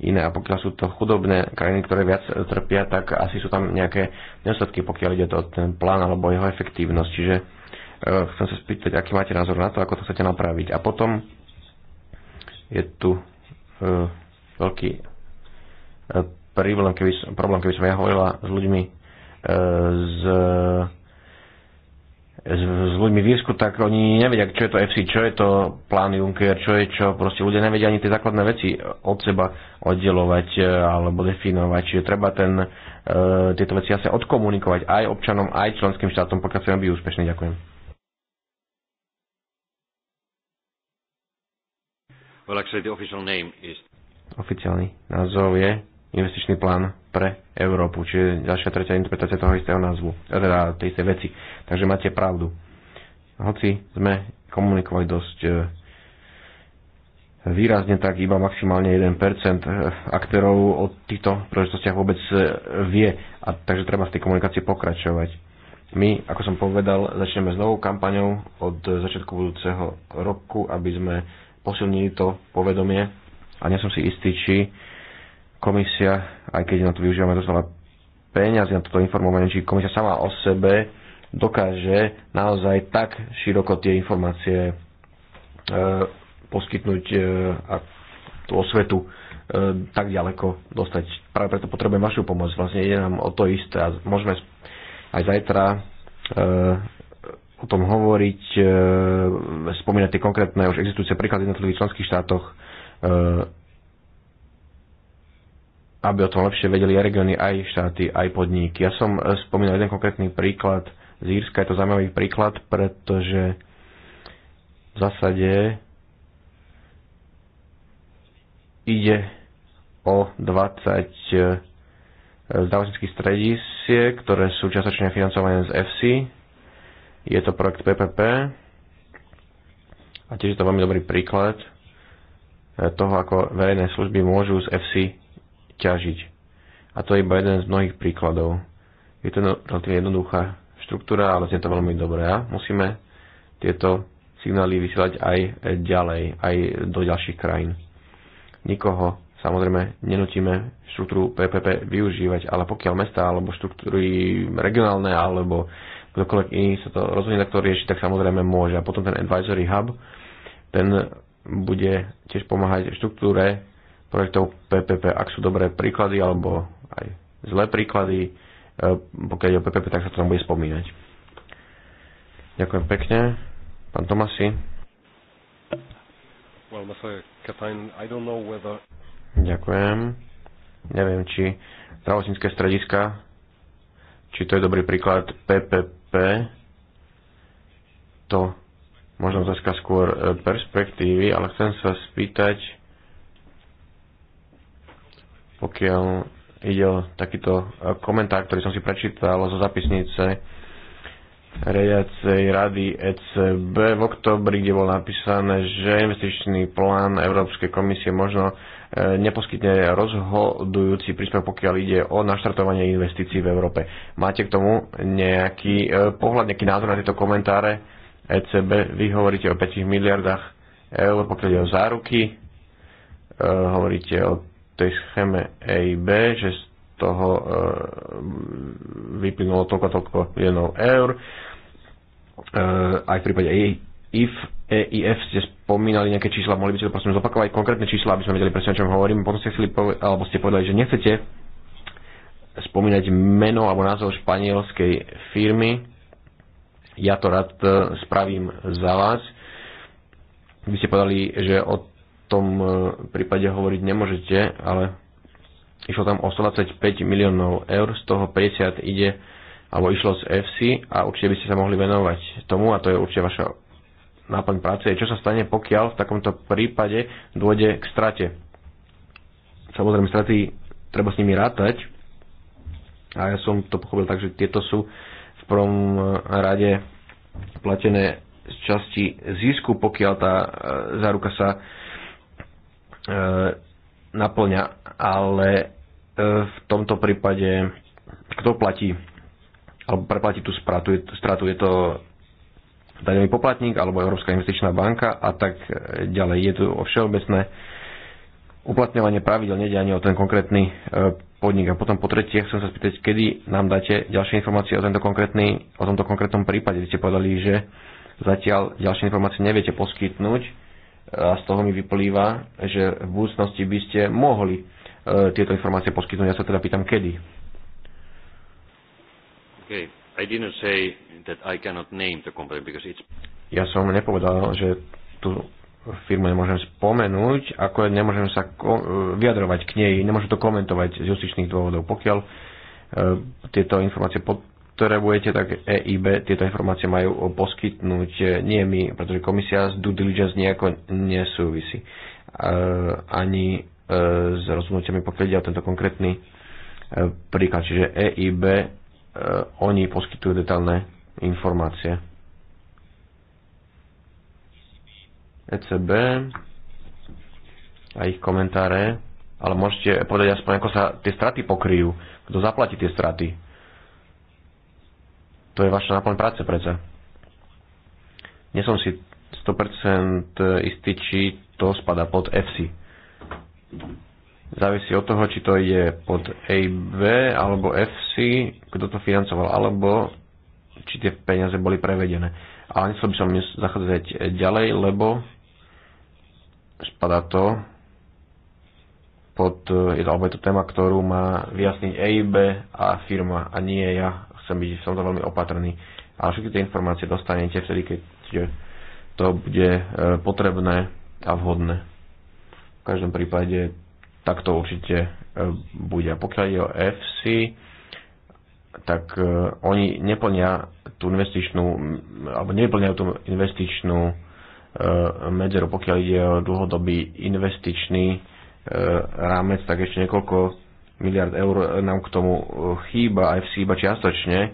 Speaker 2: iné. A pokiaľ sú to chudobné krajiny, ktoré viac trpia, tak asi sú tam nejaké nedostatky, pokiaľ ide to o ten plán alebo jeho efektívnosť. Čiže uh, chcem sa spýtať, aký máte názor na to, ako to chcete napraviť. A potom je tu uh, veľký uh, problém, keby, problém, keby som ja hovorila s ľuďmi uh, z s ľuďmi výsku, tak oni nevedia, čo je to FC, čo je to plán Juncker, čo je čo. Proste ľudia nevedia ani tie základné veci od seba oddelovať e, alebo definovať. Čiže treba ten, e, tieto veci asi odkomunikovať aj občanom, aj členským štátom, pokiaľ chceme byť úspešní. Ďakujem. Well, actually, the official name is... Oficiálny názov je investičný plán pre Európu, čiže ďalšia tretia interpretácia toho istého názvu, eh, teda tej istej veci. Takže máte pravdu. Hoci sme komunikovali dosť eh, výrazne, tak iba maximálne 1% eh, aktérov o týchto prožitostiach vôbec vie, a takže treba z tej komunikácie pokračovať. My, ako som povedal, začneme s novou kampaňou od začiatku budúceho roku, aby sme posilnili to povedomie a nie som si istý, či komisia, aj keď na to využívame dosť veľa peniazy na toto informovanie, či komisia sama o sebe dokáže naozaj tak široko tie informácie e, poskytnúť e, a tú osvetu e, tak ďaleko dostať. Práve preto potrebujem vašu pomoc. Vlastne ide nám o to isté a môžeme aj zajtra e, o tom hovoriť, e, spomínať tie konkrétne už existujúce príklady v jednotlivých členských štátoch, e, aby o tom lepšie vedeli aj regióny, aj štáty, aj podniky. Ja som e, spomínal jeden konkrétny príklad z Írska, je to zaujímavý príklad, pretože v zásade ide o 20 e, zdravotníckých stredisiek, ktoré sú častočne financované z FC. Je to projekt PPP a tiež je to veľmi dobrý príklad e, toho, ako verejné služby môžu z FC ťažiť. A to je iba jeden z mnohých príkladov. Je to relatívne jednoduchá štruktúra, ale znie to veľmi dobré a musíme tieto signály vysielať aj ďalej, aj do ďalších krajín. Nikoho samozrejme nenutíme štruktúru PPP využívať, ale pokiaľ mesta alebo štruktúry regionálne alebo kdokoľvek iný sa to rozhodne takto rieši, tak samozrejme môže. A potom ten advisory hub, ten bude tiež pomáhať štruktúre projektov PPP, ak sú dobré príklady alebo aj zlé príklady, e, pokiaľ je o PPP, tak sa to tam bude spomínať. Ďakujem pekne. Pán Tomasi.
Speaker 1: Well, Mr. Katain, I don't know whether...
Speaker 2: Ďakujem. Neviem, či zdravotnícke strediska, či to je dobrý príklad PPP, to možno otázka skôr e, perspektívy, ale chcem sa spýtať, pokiaľ ide o takýto e, komentár, ktorý som si prečítal zo zapisnice riadiacej rady ECB v oktobri, kde bolo napísané, že investičný plán Európskej komisie možno e, neposkytne rozhodujúci príspevok, pokiaľ ide o naštartovanie investícií v Európe. Máte k tomu nejaký e, pohľad, nejaký názor na tieto komentáre ECB? Vy hovoríte o 5 miliardách eur, pokiaľ ide o záruky, hovoríte o tej schéme EIB, že z toho e, vyplynulo toľko toľko jednou eur. E, aj v prípade EIF, EIF ste spomínali nejaké čísla, mohli by ste to prosím zopakovať, konkrétne čísla, aby sme vedeli presne o čom hovorím. Potom ste chceli, alebo ste povedali, že nechcete spomínať meno alebo názov španielskej firmy. Ja to rád e, spravím za vás. Vy ste povedali, že od tom e, prípade hovoriť nemôžete, ale išlo tam o 125 miliónov eur, z toho 50 ide alebo išlo z FC a určite by ste sa mohli venovať tomu a to je určite vaša náplň práce, čo sa stane, pokiaľ v takomto prípade dôjde k strate. Samozrejme, straty treba s nimi rátať a ja som to pochopil tak, že tieto sú v prvom e, rade platené z časti zisku, pokiaľ tá e, záruka sa E, naplňa, ale e, v tomto prípade kto platí alebo preplatí tú spratu, je, stratu, je to daňový poplatník alebo Európska investičná banka a tak ďalej. Je tu o všeobecné uplatňovanie pravidel, nejde ani o ten konkrétny e, podnik. A potom po tretie chcem sa spýtať, kedy nám dáte ďalšie informácie o, tento konkrétny, o tomto konkrétnom prípade. Vy ste povedali, že zatiaľ ďalšie informácie neviete poskytnúť a z toho mi vyplýva, že v budúcnosti by ste mohli e, tieto informácie poskytnúť. Ja sa teda pýtam, kedy. Ja som nepovedal, že tú firmu nemôžem spomenúť, ako nemôžem sa e, vyjadrovať k nej, nemôžem to komentovať z justičných dôvodov. Pokiaľ e, tieto informácie ktoré budete, tak EIB tieto informácie majú poskytnúť, eh, nie my, pretože komisia z due diligence nejako nesúvisí. Eh, ani eh, s rozhodnutiami, pokiaľ ide o tento konkrétny príklad. Čiže EIB, oni poskytujú detálne informácie. ECB a ich komentáre, ale môžete povedať aspoň, ako sa tie straty pokryjú, kto zaplatí tie straty to je vaša náplň práce predsa. Nesom som si 100% istý, či to spada pod FC. Závisí od toho, či to je pod AB, alebo FC, kto to financoval, alebo či tie peniaze boli prevedené. Ale nechcel by som zachádzať ďalej, lebo spada to pod, alebo je to téma, ktorú má vyjasniť EIB a firma a nie ja chcem byť som to veľmi opatrný. Ale všetky tie informácie dostanete vtedy, keď to bude e, potrebné a vhodné. V každom prípade tak to určite e, bude. A pokiaľ je o FC, tak e, oni neplnia tú investičnú, alebo neplňajú tú investičnú medzeru. Pokiaľ ide o dlhodobý investičný rámec, tak ešte niekoľko miliard eur nám k tomu e, chýba, aj chýba čiastočne e,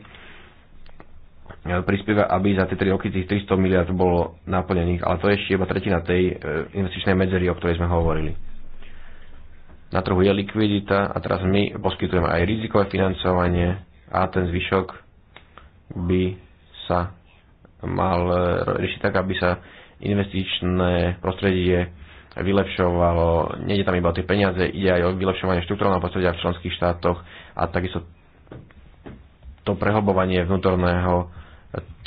Speaker 2: prispieva, aby za tie 3 roky tých 300 miliard bolo naplnených, ale to je ešte iba tretina tej e, investičnej medzery, o ktorej sme hovorili. Na trhu je likvidita a teraz my poskytujeme aj rizikové financovanie a ten zvyšok by sa mal riešiť tak, aby sa investičné prostredie vylepšovalo. je tam iba o tie peniaze, ide aj o vylepšovanie štruktúrneho prostredia v členských štátoch a takisto to prehlbovanie vnútorného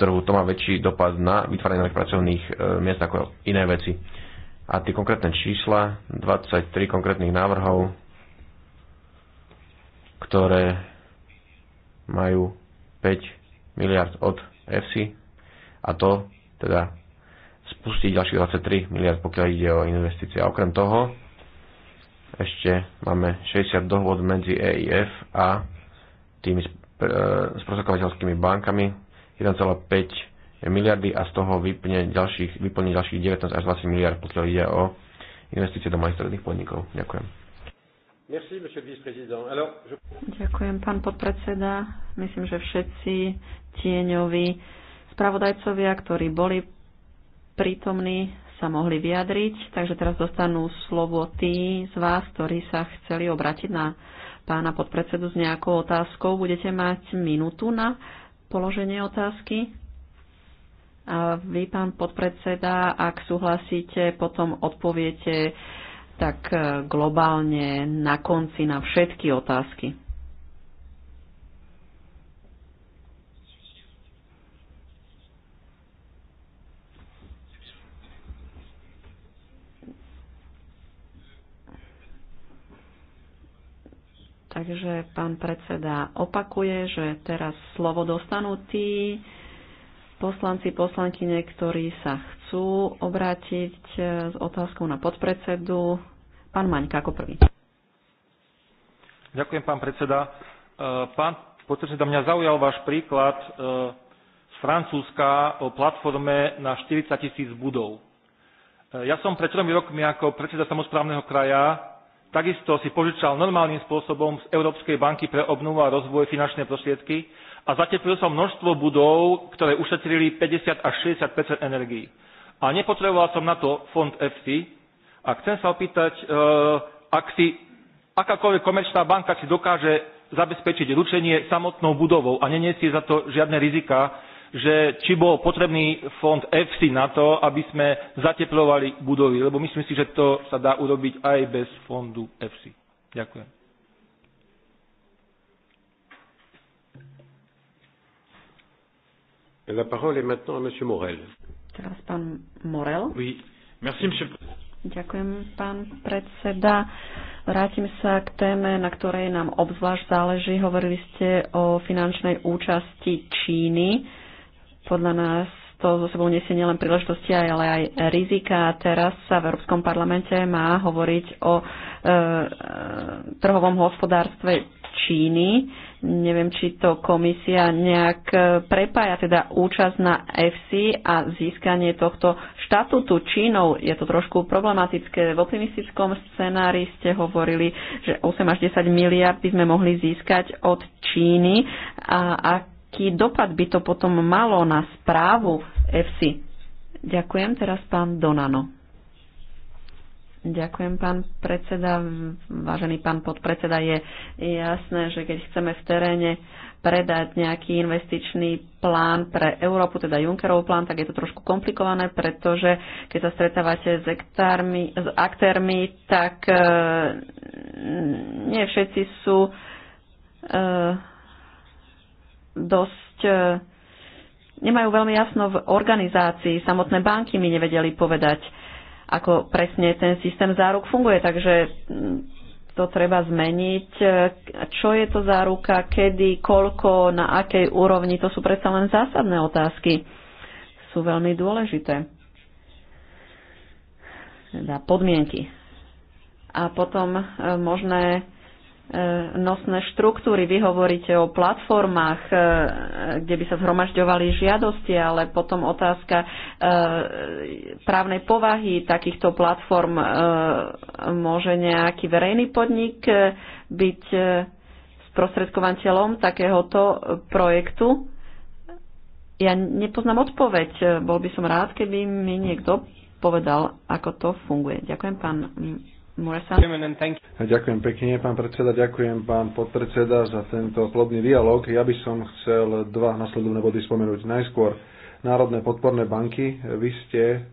Speaker 2: trhu. To má väčší dopad na vytváranie nových pracovných e, miest ako iné veci. A tie konkrétne čísla, 23 konkrétnych návrhov, ktoré majú 5 miliard od EFSI a to teda spustiť ďalších 23 miliard, pokiaľ ide o investície. A okrem toho ešte máme 60 dohôd medzi EIF a tými e, sprostokovateľskými bankami 1,5 miliardy a z toho vyplne ďalších, vyplne ďalších 19 až 20 miliard, pokiaľ ide o investície do malých stredných podnikov. Ďakujem.
Speaker 1: Merci,
Speaker 3: Alors, je... Ďakujem, pán podpredseda. Myslím, že všetci tieňoví spravodajcovia, ktorí boli prítomní sa mohli vyjadriť, takže teraz dostanú slovo tí z vás, ktorí sa chceli obratiť na pána podpredsedu s nejakou otázkou. Budete mať minútu na položenie otázky. A vy, pán podpredseda, ak súhlasíte, potom odpoviete tak eh, globálne na konci na všetky otázky. Takže pán predseda opakuje, že teraz slovo dostanú tí poslanci, poslankyne, ktorí sa chcú obrátiť e, s otázkou na podpredsedu. Pán Maňka ako prvý.
Speaker 2: Ďakujem, pán predseda. E, pán podpredseda, mňa zaujal váš príklad e, z
Speaker 1: Francúzska o platforme na 40 tisíc budov. Ja som pred tromi rokmi ako predseda samozprávneho kraja Takisto si požičal normálnym spôsobom z Európskej banky pre obnovu a rozvoj finančné prostriedky a zateplil som množstvo budov,
Speaker 2: ktoré ušetrili 50 až 60 energií. A nepotreboval som na to fond FC. A chcem sa opýtať, e, ak si akákoľvek komerčná banka si dokáže zabezpečiť ručenie samotnou budovou a neniesie za to žiadne rizika,
Speaker 1: že či bol potrebný fond EFSI na to, aby sme zateplovali budovy, lebo myslím si, že to sa dá urobiť aj bez fondu EFSI. Ďakujem.
Speaker 2: La parole est maintenant à monsieur Morel.
Speaker 3: Teraz pán Morel.
Speaker 2: Oui. Merci, monsieur.
Speaker 3: Ďakujem, pán predseda. Vrátim sa k téme, na ktorej nám obzvlášť záleží. Hovorili ste o finančnej účasti Číny podľa nás to zo sebou nesie nielen príležitosti, ale aj rizika. Teraz sa v Európskom parlamente má hovoriť o e, trhovom hospodárstve Číny. Neviem, či to komisia nejak e, prepája, teda účasť na FC a získanie tohto štatútu Čínou. Je to trošku problematické. V optimistickom scenári ste hovorili, že 8 až 10 miliard by sme mohli získať od Číny a ak aký dopad by to potom malo na správu FC. Ďakujem teraz pán Donano. Ďakujem, pán predseda. Vážený pán podpredseda, je jasné, že keď chceme v teréne predať nejaký investičný plán pre Európu, teda Junckerov plán, tak je to trošku komplikované, pretože keď sa stretávate s, ektármi, s aktérmi, tak e, nie všetci sú e, dosť e, nemajú veľmi jasno v organizácii. Samotné banky mi nevedeli povedať, ako presne ten systém záruk funguje. Takže to treba zmeniť. E, čo je to záruka, kedy, koľko, na akej úrovni, to sú predsa len zásadné otázky. Sú veľmi dôležité. Teda podmienky. A potom e, možné nosné štruktúry. Vy hovoríte o platformách, e, kde by sa zhromažďovali žiadosti, ale potom otázka e, právnej povahy takýchto platform. E, môže nejaký verejný podnik byť sprostredkovateľom takéhoto projektu? Ja nepoznám odpoveď. Bol by som rád, keby mi niekto povedal, ako to funguje. Ďakujem, pán Ďakujem
Speaker 1: pekne, pán predseda, ďakujem pán podpredseda za tento plodný dialog. Ja by som chcel dva nasledovné body spomenúť. Najskôr Národné podporné banky. Vy ste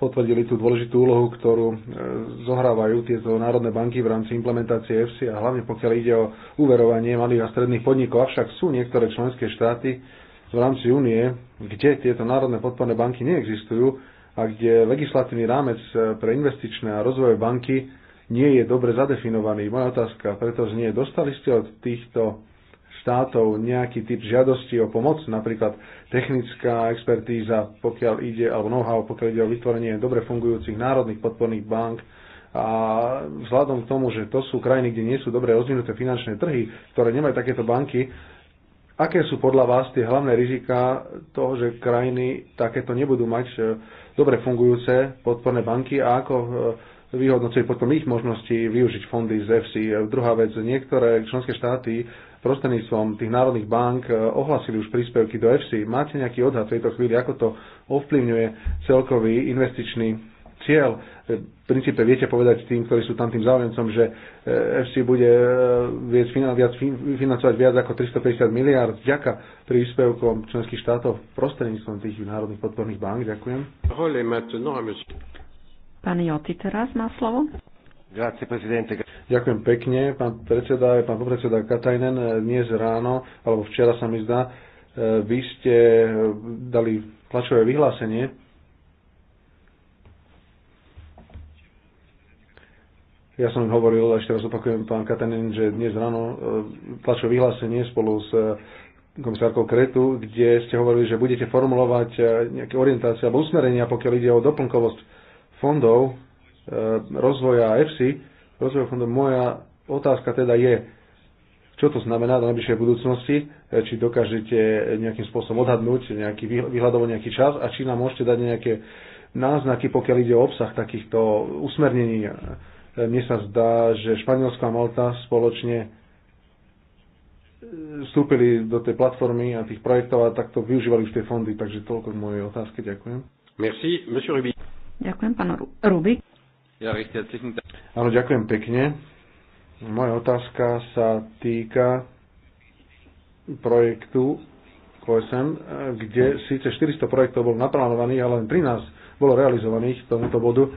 Speaker 1: potvrdili tú dôležitú úlohu, ktorú e, zohrávajú tieto národné banky v rámci implementácie EFSI a hlavne pokiaľ ide o uverovanie malých a stredných podnikov. Avšak sú niektoré členské štáty v rámci únie, kde tieto národné podporné banky neexistujú a kde legislatívny rámec eh, pre investičné a rozvojové banky nie je dobre zadefinovaný. Moja otázka preto znie, dostali ste od týchto štátov nejaký typ žiadosti o pomoc, napríklad technická expertíza, pokiaľ ide, alebo know-how, pokiaľ ide o vytvorenie dobre fungujúcich národných podporných bank. A vzhľadom k tomu, že to sú krajiny, kde nie sú dobre rozvinuté finančné trhy, ktoré nemajú takéto banky, aké sú podľa vás tie hlavné rizika toho, že krajiny takéto nebudú mať eh, dobre fungujúce podporné banky a ako e, vyhodnocuje potom ich možnosti využiť fondy z EFSI. Druhá vec, niektoré členské štáty prostredníctvom tých národných bank e, ohlasili už príspevky do EFSI. Máte nejaký odhad v tejto chvíli, ako to ovplyvňuje celkový investičný cieľ v princípe viete povedať tým, ktorí sú tam tým záujemcom, že e, FC bude e, viac, viac financovať viac ako 350 miliard vďaka príspevkom členských štátov prostredníctvom tých národných podporných bank. Ďakujem.
Speaker 3: Pán Joti teraz má slovo.
Speaker 1: Grazie, Ďakujem pekne, pán predseda, pán popredseda Katajnen. Dnes ráno, alebo včera sa mi zdá, e, vy ste dali tlačové vyhlásenie Ja som hovoril, ešte raz opakujem, pán Katanin, že dnes ráno e, tlačové vyhlásenie spolu s e, komisárkou Kretu, kde ste hovorili, že budete formulovať e, nejaké orientácie alebo usmerenia, pokiaľ ide o doplnkovosť fondov rozvoja EFSI, rozvoja fondov. Moja otázka teda je, čo to znamená do najbližšej budúcnosti, či dokážete nejakým spôsobom odhadnúť nejaký vyhľadovo nejaký čas a či nám môžete dať nejaké náznaky, pokiaľ ide o obsah takýchto usmernení E, mne sa zdá, že Španielsko a Malta spoločne e, vstúpili do tej platformy a tých projektov a takto využívali už tie fondy, takže toľko k mojej otázke. Ďakujem.
Speaker 2: Merci, monsieur Rubik.
Speaker 3: Ďakujem, pán Rubik.
Speaker 1: Ja, Áno, ďakujem pekne. Moja otázka sa týka projektu KOSM, e, kde síce 400 projektov bolo naplánovaných, ale len 13 bolo realizovaných k tomuto bodu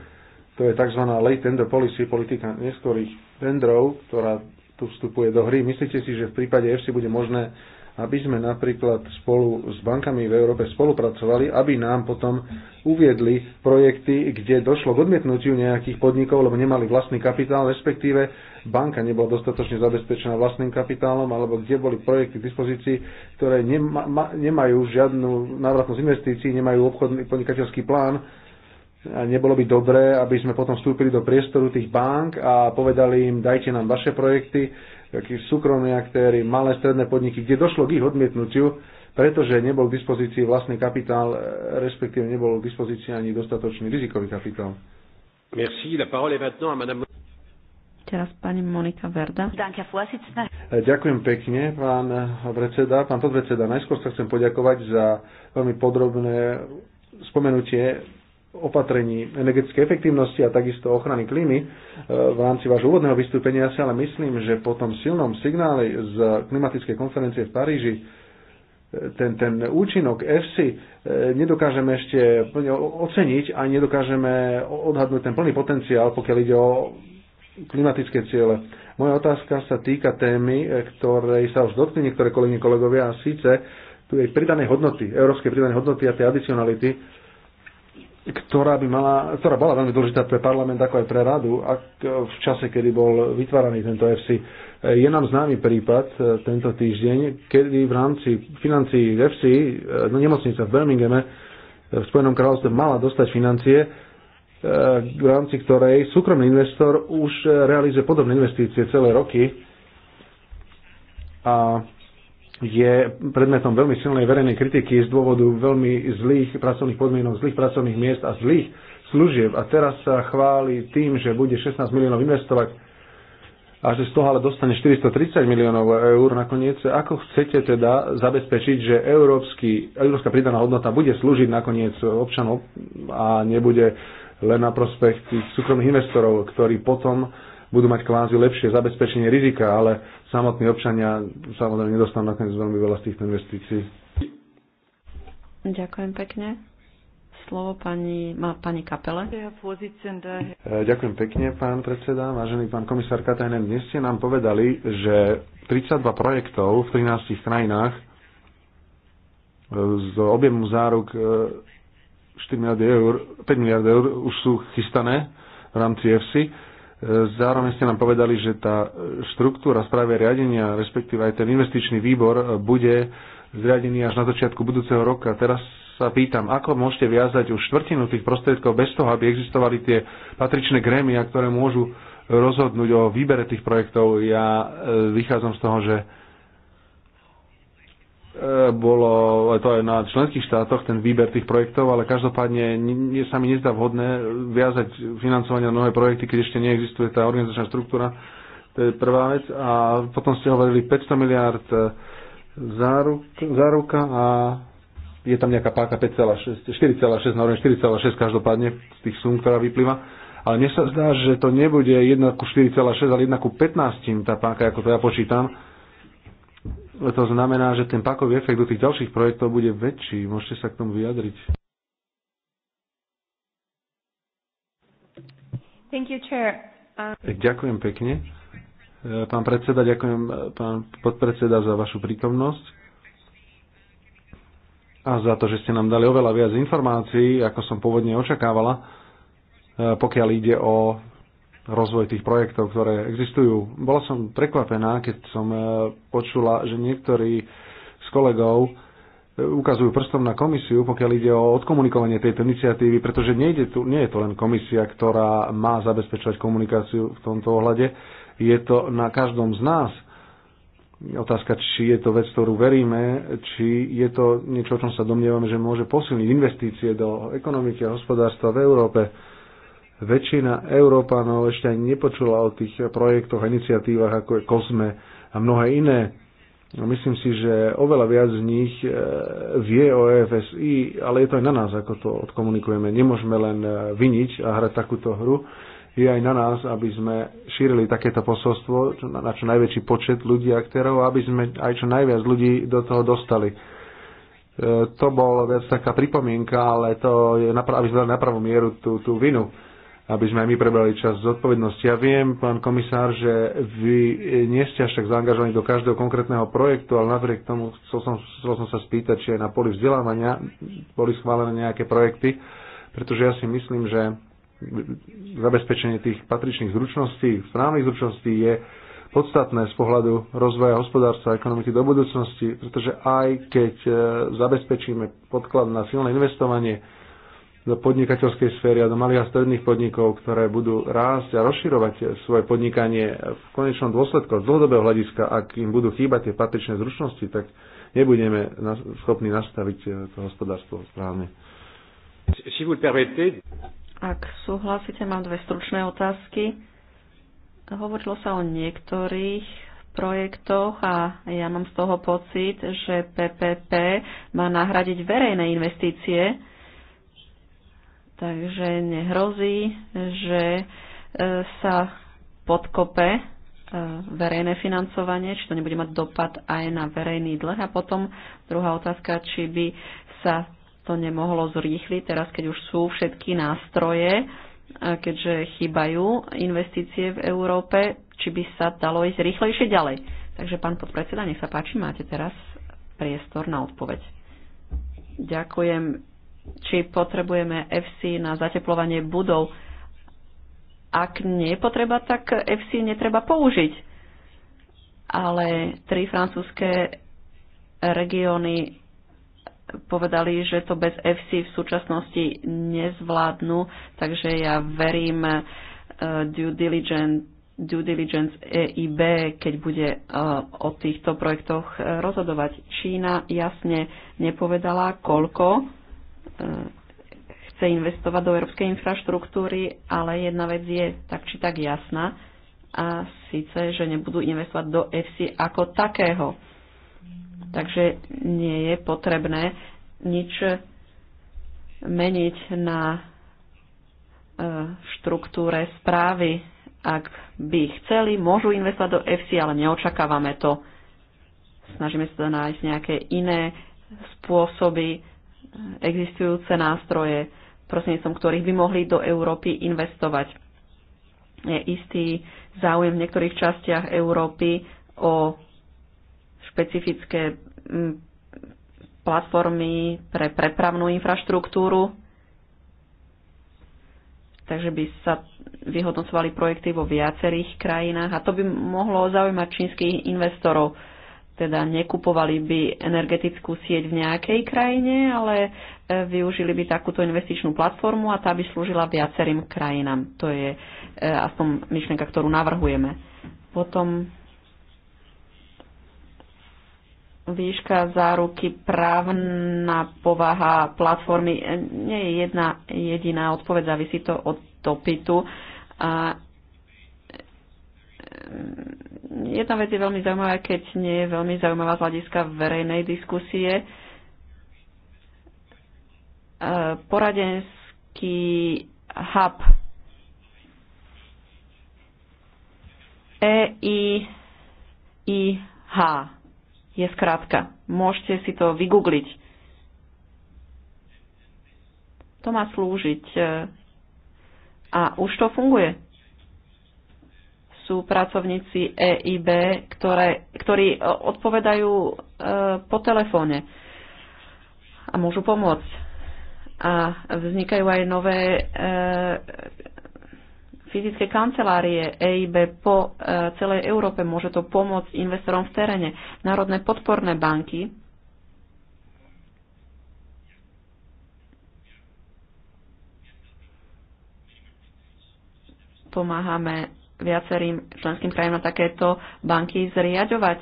Speaker 1: to je tzv. late tender policy, politika neskorých tendrov, ktorá tu vstupuje do hry. Myslíte si, že v prípade EFSI bude možné, aby sme napríklad spolu s bankami v Európe spolupracovali, aby nám potom uviedli projekty, kde došlo k odmietnutiu nejakých podnikov, lebo nemali vlastný kapitál, respektíve banka nebola dostatočne zabezpečená vlastným kapitálom, alebo kde boli projekty k dispozícii, ktoré nema, ma, nemajú žiadnu návratnosť investícií, nemajú obchodný podnikateľský plán, nebolo by dobré, aby sme potom vstúpili do priestoru tých bank a povedali im, dajte nám vaše projekty, takí súkromní aktéry, malé stredné podniky, kde došlo k ich odmietnutiu, pretože nebol k dispozícii vlastný kapitál, e, respektíve nebol k dispozícii ani dostatočný rizikový kapitál.
Speaker 2: Merci, la parole est maintenant à madame
Speaker 3: Teraz pani Monika Verda. E,
Speaker 1: ďakujem pekne, pán predseda. Pán podpredseda, najskôr sa chcem poďakovať za veľmi podrobné spomenutie opatrení energetickej efektívnosti a takisto ochrany klímy e, v rámci vášho úvodného vystúpenia si ale myslím, že po tom silnom signále z klimatickej konferencie v Paríži e, ten, ten účinok EFSI nedokážeme ešte plne oceniť a nedokážeme odhadnúť ten plný potenciál, pokiaľ ide o klimatické ciele. Moja otázka sa týka témy, e, ktorej sa už dotkli niektoré kolegyne kolegovia a síce tu je pridanej hodnoty, európskej pridanej hodnoty a tej adicionality ktorá, by mala, ktorá bola veľmi dôležitá pre parlament ako aj pre radu ak eh, v čase, kedy bol vytváraný tento EFSI. Eh, je nám známy prípad eh, tento týždeň, kedy v rámci financií EFSI no, nemocnica v Birminghame v Spojenom kráľovstve mala dostať financie, v rámci ktorej súkromný investor už realizuje podobné investície celé roky a je predmetom veľmi silnej verejnej kritiky z dôvodu veľmi zlých pracovných podmienok, zlých pracovných miest a zlých služieb. A teraz sa chváli tým, že bude 16 miliónov investovať a že z toho ale dostane 430 miliónov eur nakoniec. Ako chcete teda zabezpečiť, že európsky, európska pridaná hodnota bude slúžiť nakoniec občanov a nebude len na prospech tých súkromných investorov, ktorí potom budú mať kvázi lepšie zabezpečenie rizika, ale samotní občania samozrejme nedostanú nakoniec veľmi veľa z týchto investícií.
Speaker 3: Ďakujem pekne. Slovo pani, má pani Kapele. Eh,
Speaker 1: Ďakujem pekne, pán predseda. Vážený pán komisár Katajnen, dnes ste nám povedali, že 32 projektov v 13 krajinách eh, z objemu záruk 4 eh, miliardy eur, 5 miliard eur už sú chystané v rámci EFSI. Zároveň ste nám povedali, že tá štruktúra správy riadenia, respektíve aj ten investičný výbor, bude zriadený až na začiatku budúceho roka. Teraz sa pýtam, ako môžete viazať už štvrtinu tých prostriedkov bez toho, aby existovali tie patričné grémia, ktoré môžu rozhodnúť o výbere tých projektov. Ja e, vychádzam z toho, že E, bolo to aj na členských štátoch, ten výber tých projektov, ale každopádne nie, sa mi nezdá vhodné viazať financovanie na nové projekty, keď ešte neexistuje tá organizačná štruktúra. To je prvá vec. A potom ste hovorili 500 miliard e, záruk, záruka a je tam nejaká páka 5,6, 4,6, na 4,6 každopádne z tých sum, ktorá vyplýva. Ale mne sa zdá, že to nebude 1 ku 4,6, ale 1 ku 15 tá páka, ako to ja počítam to znamená, že ten pakový efekt do tých ďalších projektov bude väčší. Môžete sa k tomu vyjadriť.
Speaker 3: Thank you, chair. Um, ďakujem
Speaker 1: pekne. E, pán predseda, ďakujem e, pán podpredseda za vašu prítomnosť a za to, že ste nám dali oveľa viac informácií, ako som pôvodne očakávala, e, pokiaľ ide o rozvoj tých projektov, ktoré existujú. Bola som prekvapená, keď som e, počula, že niektorí z kolegov e, ukazujú prstom na komisiu, pokiaľ ide o odkomunikovanie tejto iniciatívy, pretože nejde tu, nie je to len komisia, ktorá má zabezpečovať komunikáciu v tomto ohľade. Je to na každom z nás. Otázka, či je to vec, ktorú veríme, či je to niečo, o čom sa domnievame, že môže posilniť investície do ekonomiky a hospodárstva v Európe väčšina Európanov ešte ani nepočula o tých projektoch a iniciatívach, ako je COSME a mnohé iné. Myslím si, že oveľa viac z nich e, vie o EFSI, ale je to aj na nás, ako to odkomunikujeme. Nemôžeme len e, vyniť a hrať takúto hru. Je aj na nás, aby sme šírili takéto posolstvo na čo najväčší počet ľudí a aktérov, aby sme aj čo najviac ľudí do toho dostali e, to bol viac taká pripomienka, ale to je, aby sme dali na pravú mieru tú, tú vinu aby sme aj my prebrali čas odpovednosti. Ja viem, pán komisár, že vy nie ste až tak zaangažovaní do každého konkrétneho projektu, ale napriek tomu chcel som, chcel som sa spýtať, či aj na poli vzdelávania boli schválené nejaké projekty, pretože ja si myslím, že zabezpečenie tých patričných zručností, správnych zručností je podstatné z pohľadu rozvoja hospodárstva a ekonomiky do budúcnosti, pretože aj keď e, zabezpečíme podklad na silné investovanie, do podnikateľskej sféry a do malých a stredných podnikov, ktoré budú rásť a rozširovať svoje podnikanie v konečnom dôsledku z dlhodobého hľadiska, ak im budú chýbať tie patričné zručnosti, tak nebudeme schopní nastaviť eh, to hospodárstvo správne.
Speaker 3: Ak súhlasíte, mám dve stručné otázky. Hovorilo sa o niektorých projektoch a ja mám z toho pocit, že PPP má nahradiť verejné investície Takže nehrozí, že e, sa podkope e, verejné financovanie, či to nebude mať dopad aj na verejný dlh. A potom druhá otázka, či by sa to nemohlo zrýchliť teraz, keď už sú všetky nástroje, e, keďže chýbajú investície v Európe, či by sa dalo ísť rýchlejšie ďalej. Takže pán podpredseda, nech sa páči, máte teraz priestor na odpoveď. Ďakujem či potrebujeme FC na zateplovanie budov. Ak nie je potreba, tak FC netreba použiť. Ale tri francúzske regióny povedali, že to bez FC v súčasnosti nezvládnu, takže ja verím eh, due diligence, due diligence EIB, keď bude eh, o týchto projektoch eh, rozhodovať. Čína jasne nepovedala, koľko E, chce investovať do európskej infraštruktúry, ale jedna vec je tak či tak jasná a síce, že nebudú investovať do EFSI ako takého. Takže nie je potrebné nič meniť na e, štruktúre správy. Ak by chceli, môžu investovať do EFSI, ale neočakávame to. Snažíme sa nájsť nejaké iné spôsoby, existujúce nástroje, prostredníctvom ktorých by mohli do Európy investovať. Je istý záujem v niektorých častiach Európy o špecifické mm, platformy pre prepravnú infraštruktúru, takže by sa vyhodnocovali projekty vo viacerých krajinách a to by mohlo zaujímať čínskych investorov teda nekupovali by energetickú sieť v nejakej krajine, ale e, využili by takúto investičnú platformu a tá by slúžila viacerým krajinám. To je e, aspoň myšlienka, ktorú navrhujeme. Potom výška záruky, právna povaha platformy e, nie je jedna jediná odpoveď, závisí to od dopytu a Ehm, jedna vec je veľmi zaujímavá, keď nie je veľmi zaujímavá z hľadiska verejnej diskusie. Ehm, poradenský hub EIIH je skrátka. Môžete si to vygoogliť. To má slúžiť ehm, a už to funguje sú pracovníci EIB, ktoré, ktorí e, odpovedajú e, po telefóne a môžu pomôcť. A vznikajú aj nové e, fyzické kancelárie EIB po e, celej Európe. Môže to pomôcť investorom v teréne. Národné podporné banky. Pomáhame viacerým členským krajinám takéto banky zriadovať.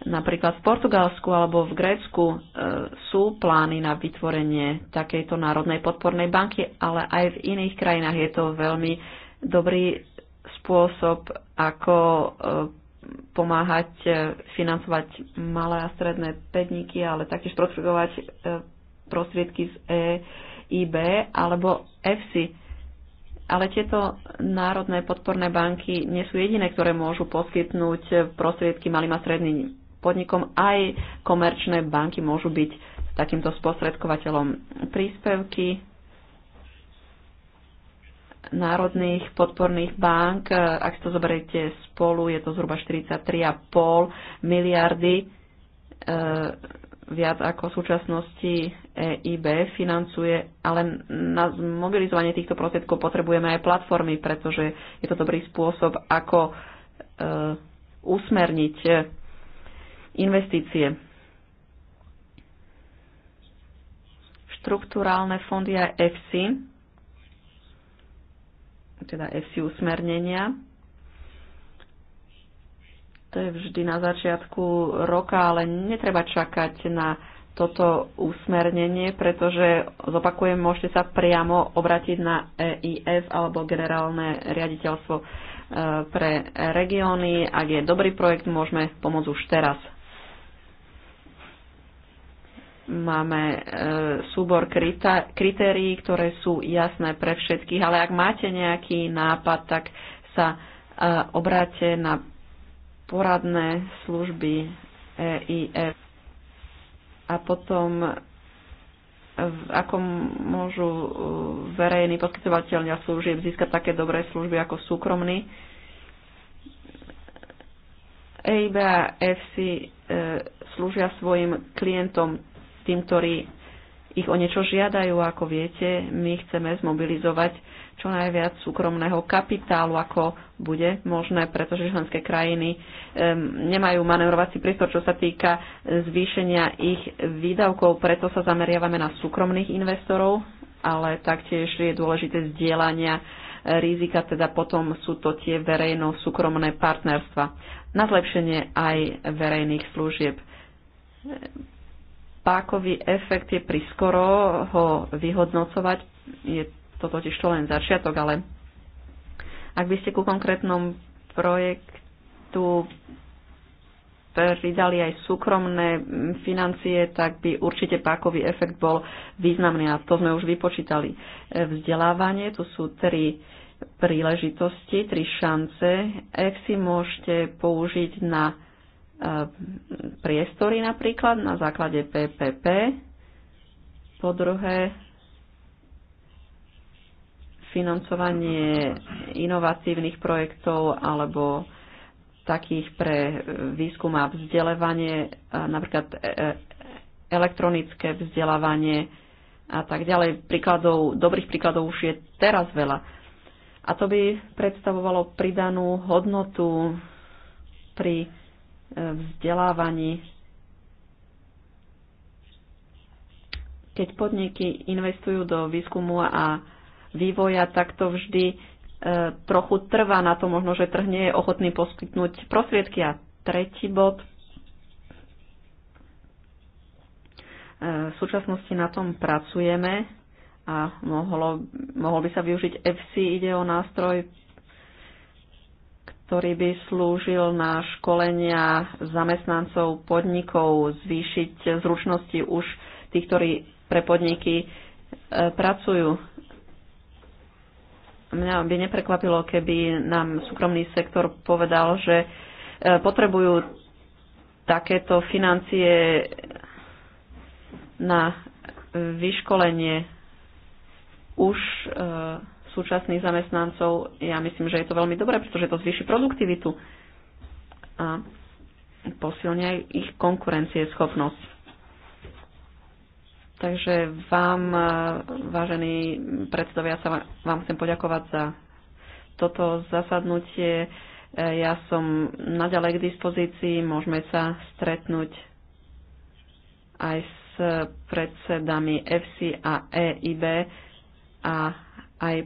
Speaker 3: Napríklad v Portugalsku alebo v Grécku e, sú plány na vytvorenie takejto národnej podpornej banky, ale aj v iných krajinách je to veľmi dobrý spôsob, ako e, pomáhať e, financovať malé a stredné pedníky, ale taktiež prostriedkovať e, prostriedky z EIB alebo EFSI ale tieto národné podporné banky nie sú jediné, ktoré môžu poskytnúť prostriedky malým a stredným podnikom. Aj komerčné banky môžu byť takýmto sposredkovateľom. príspevky národných podporných bank. Ak si to zoberiete spolu, je to zhruba 43,5 miliardy e, viac ako v súčasnosti EIB financuje, ale na zmobilizovanie týchto prostriedkov potrebujeme aj platformy, pretože je to dobrý spôsob, ako e, usmerniť e, investície. Štruktúrálne fondy a EFSI, teda EFSI usmernenia, to je vždy na začiatku roka, ale netreba čakať na toto usmernenie, pretože, zopakujem, môžete sa priamo obratiť na EIF alebo generálne riaditeľstvo e, pre regióny. Ak je dobrý projekt, môžeme pomôcť už teraz. Máme e, súbor kritérií, ktoré sú jasné pre všetkých, ale ak máte nejaký nápad, tak sa e, obráte na poradné služby EIF. A potom ako môžu e, verejní poskytovateľia služieb získať také dobré služby ako súkromní. EIB a FC e, slúžia svojim klientom, tým, ktorí ich o niečo žiadajú. Ako viete, my chceme zmobilizovať čo najviac súkromného kapitálu, ako bude možné, pretože členské krajiny nemajú manevrovací priestor, čo sa týka zvýšenia ich výdavkov, preto sa zameriavame na súkromných investorov, ale taktiež je dôležité zdieľania e, rizika, teda potom sú to tie verejno-súkromné partnerstva. Na zlepšenie aj verejných služieb pákový efekt je priskoro ho vyhodnocovať. Je to totiž to len začiatok, ale ak by ste ku konkrétnom projektu pridali aj súkromné financie, tak by určite pákový efekt bol významný a to sme už vypočítali. Vzdelávanie, tu sú tri príležitosti, tri šance. si môžete použiť na E, priestory napríklad na základe PPP. Po druhé, financovanie inovatívnych projektov alebo takých pre výskum a vzdelávanie, e, napríklad e, elektronické vzdelávanie a tak ďalej. Príkladov, dobrých príkladov už je teraz veľa. A to by predstavovalo pridanú hodnotu pri vzdelávaní. Keď podniky investujú do výskumu a vývoja, tak to vždy e, trochu trvá na to možno, že trh nie je ochotný poskytnúť prostriedky. A tretí bod. E, v súčasnosti na tom pracujeme a mohlo, mohol by sa využiť FC, ide o nástroj ktorý by slúžil na školenia zamestnancov podnikov, zvýšiť zručnosti už tých, ktorí pre podniky e, pracujú. Mňa by neprekvapilo, keby nám súkromný sektor povedal, že e, potrebujú takéto financie na vyškolenie už e, súčasných zamestnancov. Ja myslím, že je to veľmi dobré, pretože to zvýši produktivitu a posilňuje aj ich konkurencieschopnosť. Takže vám, e, vážení predstavia, sa vám chcem poďakovať za toto zasadnutie. E, ja som naďalej k dispozícii, môžeme sa stretnúť aj s predsedami FC a EIB a aj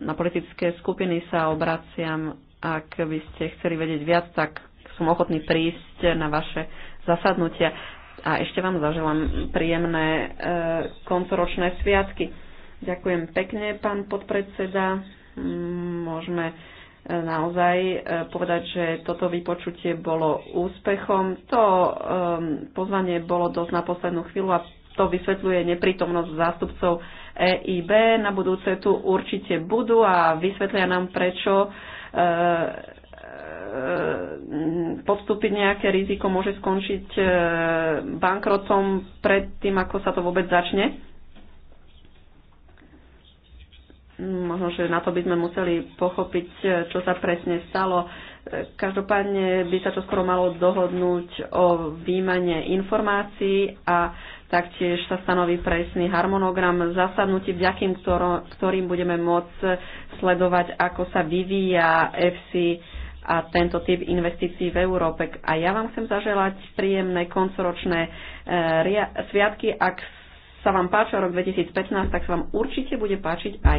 Speaker 3: na politické skupiny sa obraciam. Ak by ste chceli vedieť viac, tak som ochotný prísť na vaše zasadnutia. A ešte vám zaželám príjemné e, koncoročné sviatky. Ďakujem pekne, pán podpredseda. Môžeme e, naozaj e, povedať, že toto vypočutie bolo úspechom. To e, pozvanie bolo dosť na poslednú chvíľu a to vysvetľuje neprítomnosť zástupcov EIB. Na budúce tu určite budú a vysvetlia nám, prečo e, e, podstúpiť nejaké riziko môže skončiť e, bankrotom pred tým, ako sa to vôbec začne? Možno, že na to by sme museli pochopiť, čo sa presne stalo. Každopádne by sa to skoro malo dohodnúť o výmane informácií a Taktiež sa stanoví presný harmonogram zasadnutí, vďakým ktorým budeme môcť sledovať, ako sa vyvíja FC a tento typ investícií v Európe. A ja vám chcem zaželať príjemné koncoročné e, sviatky. Ak sa vám páčil rok 2015, tak sa vám určite bude páčiť aj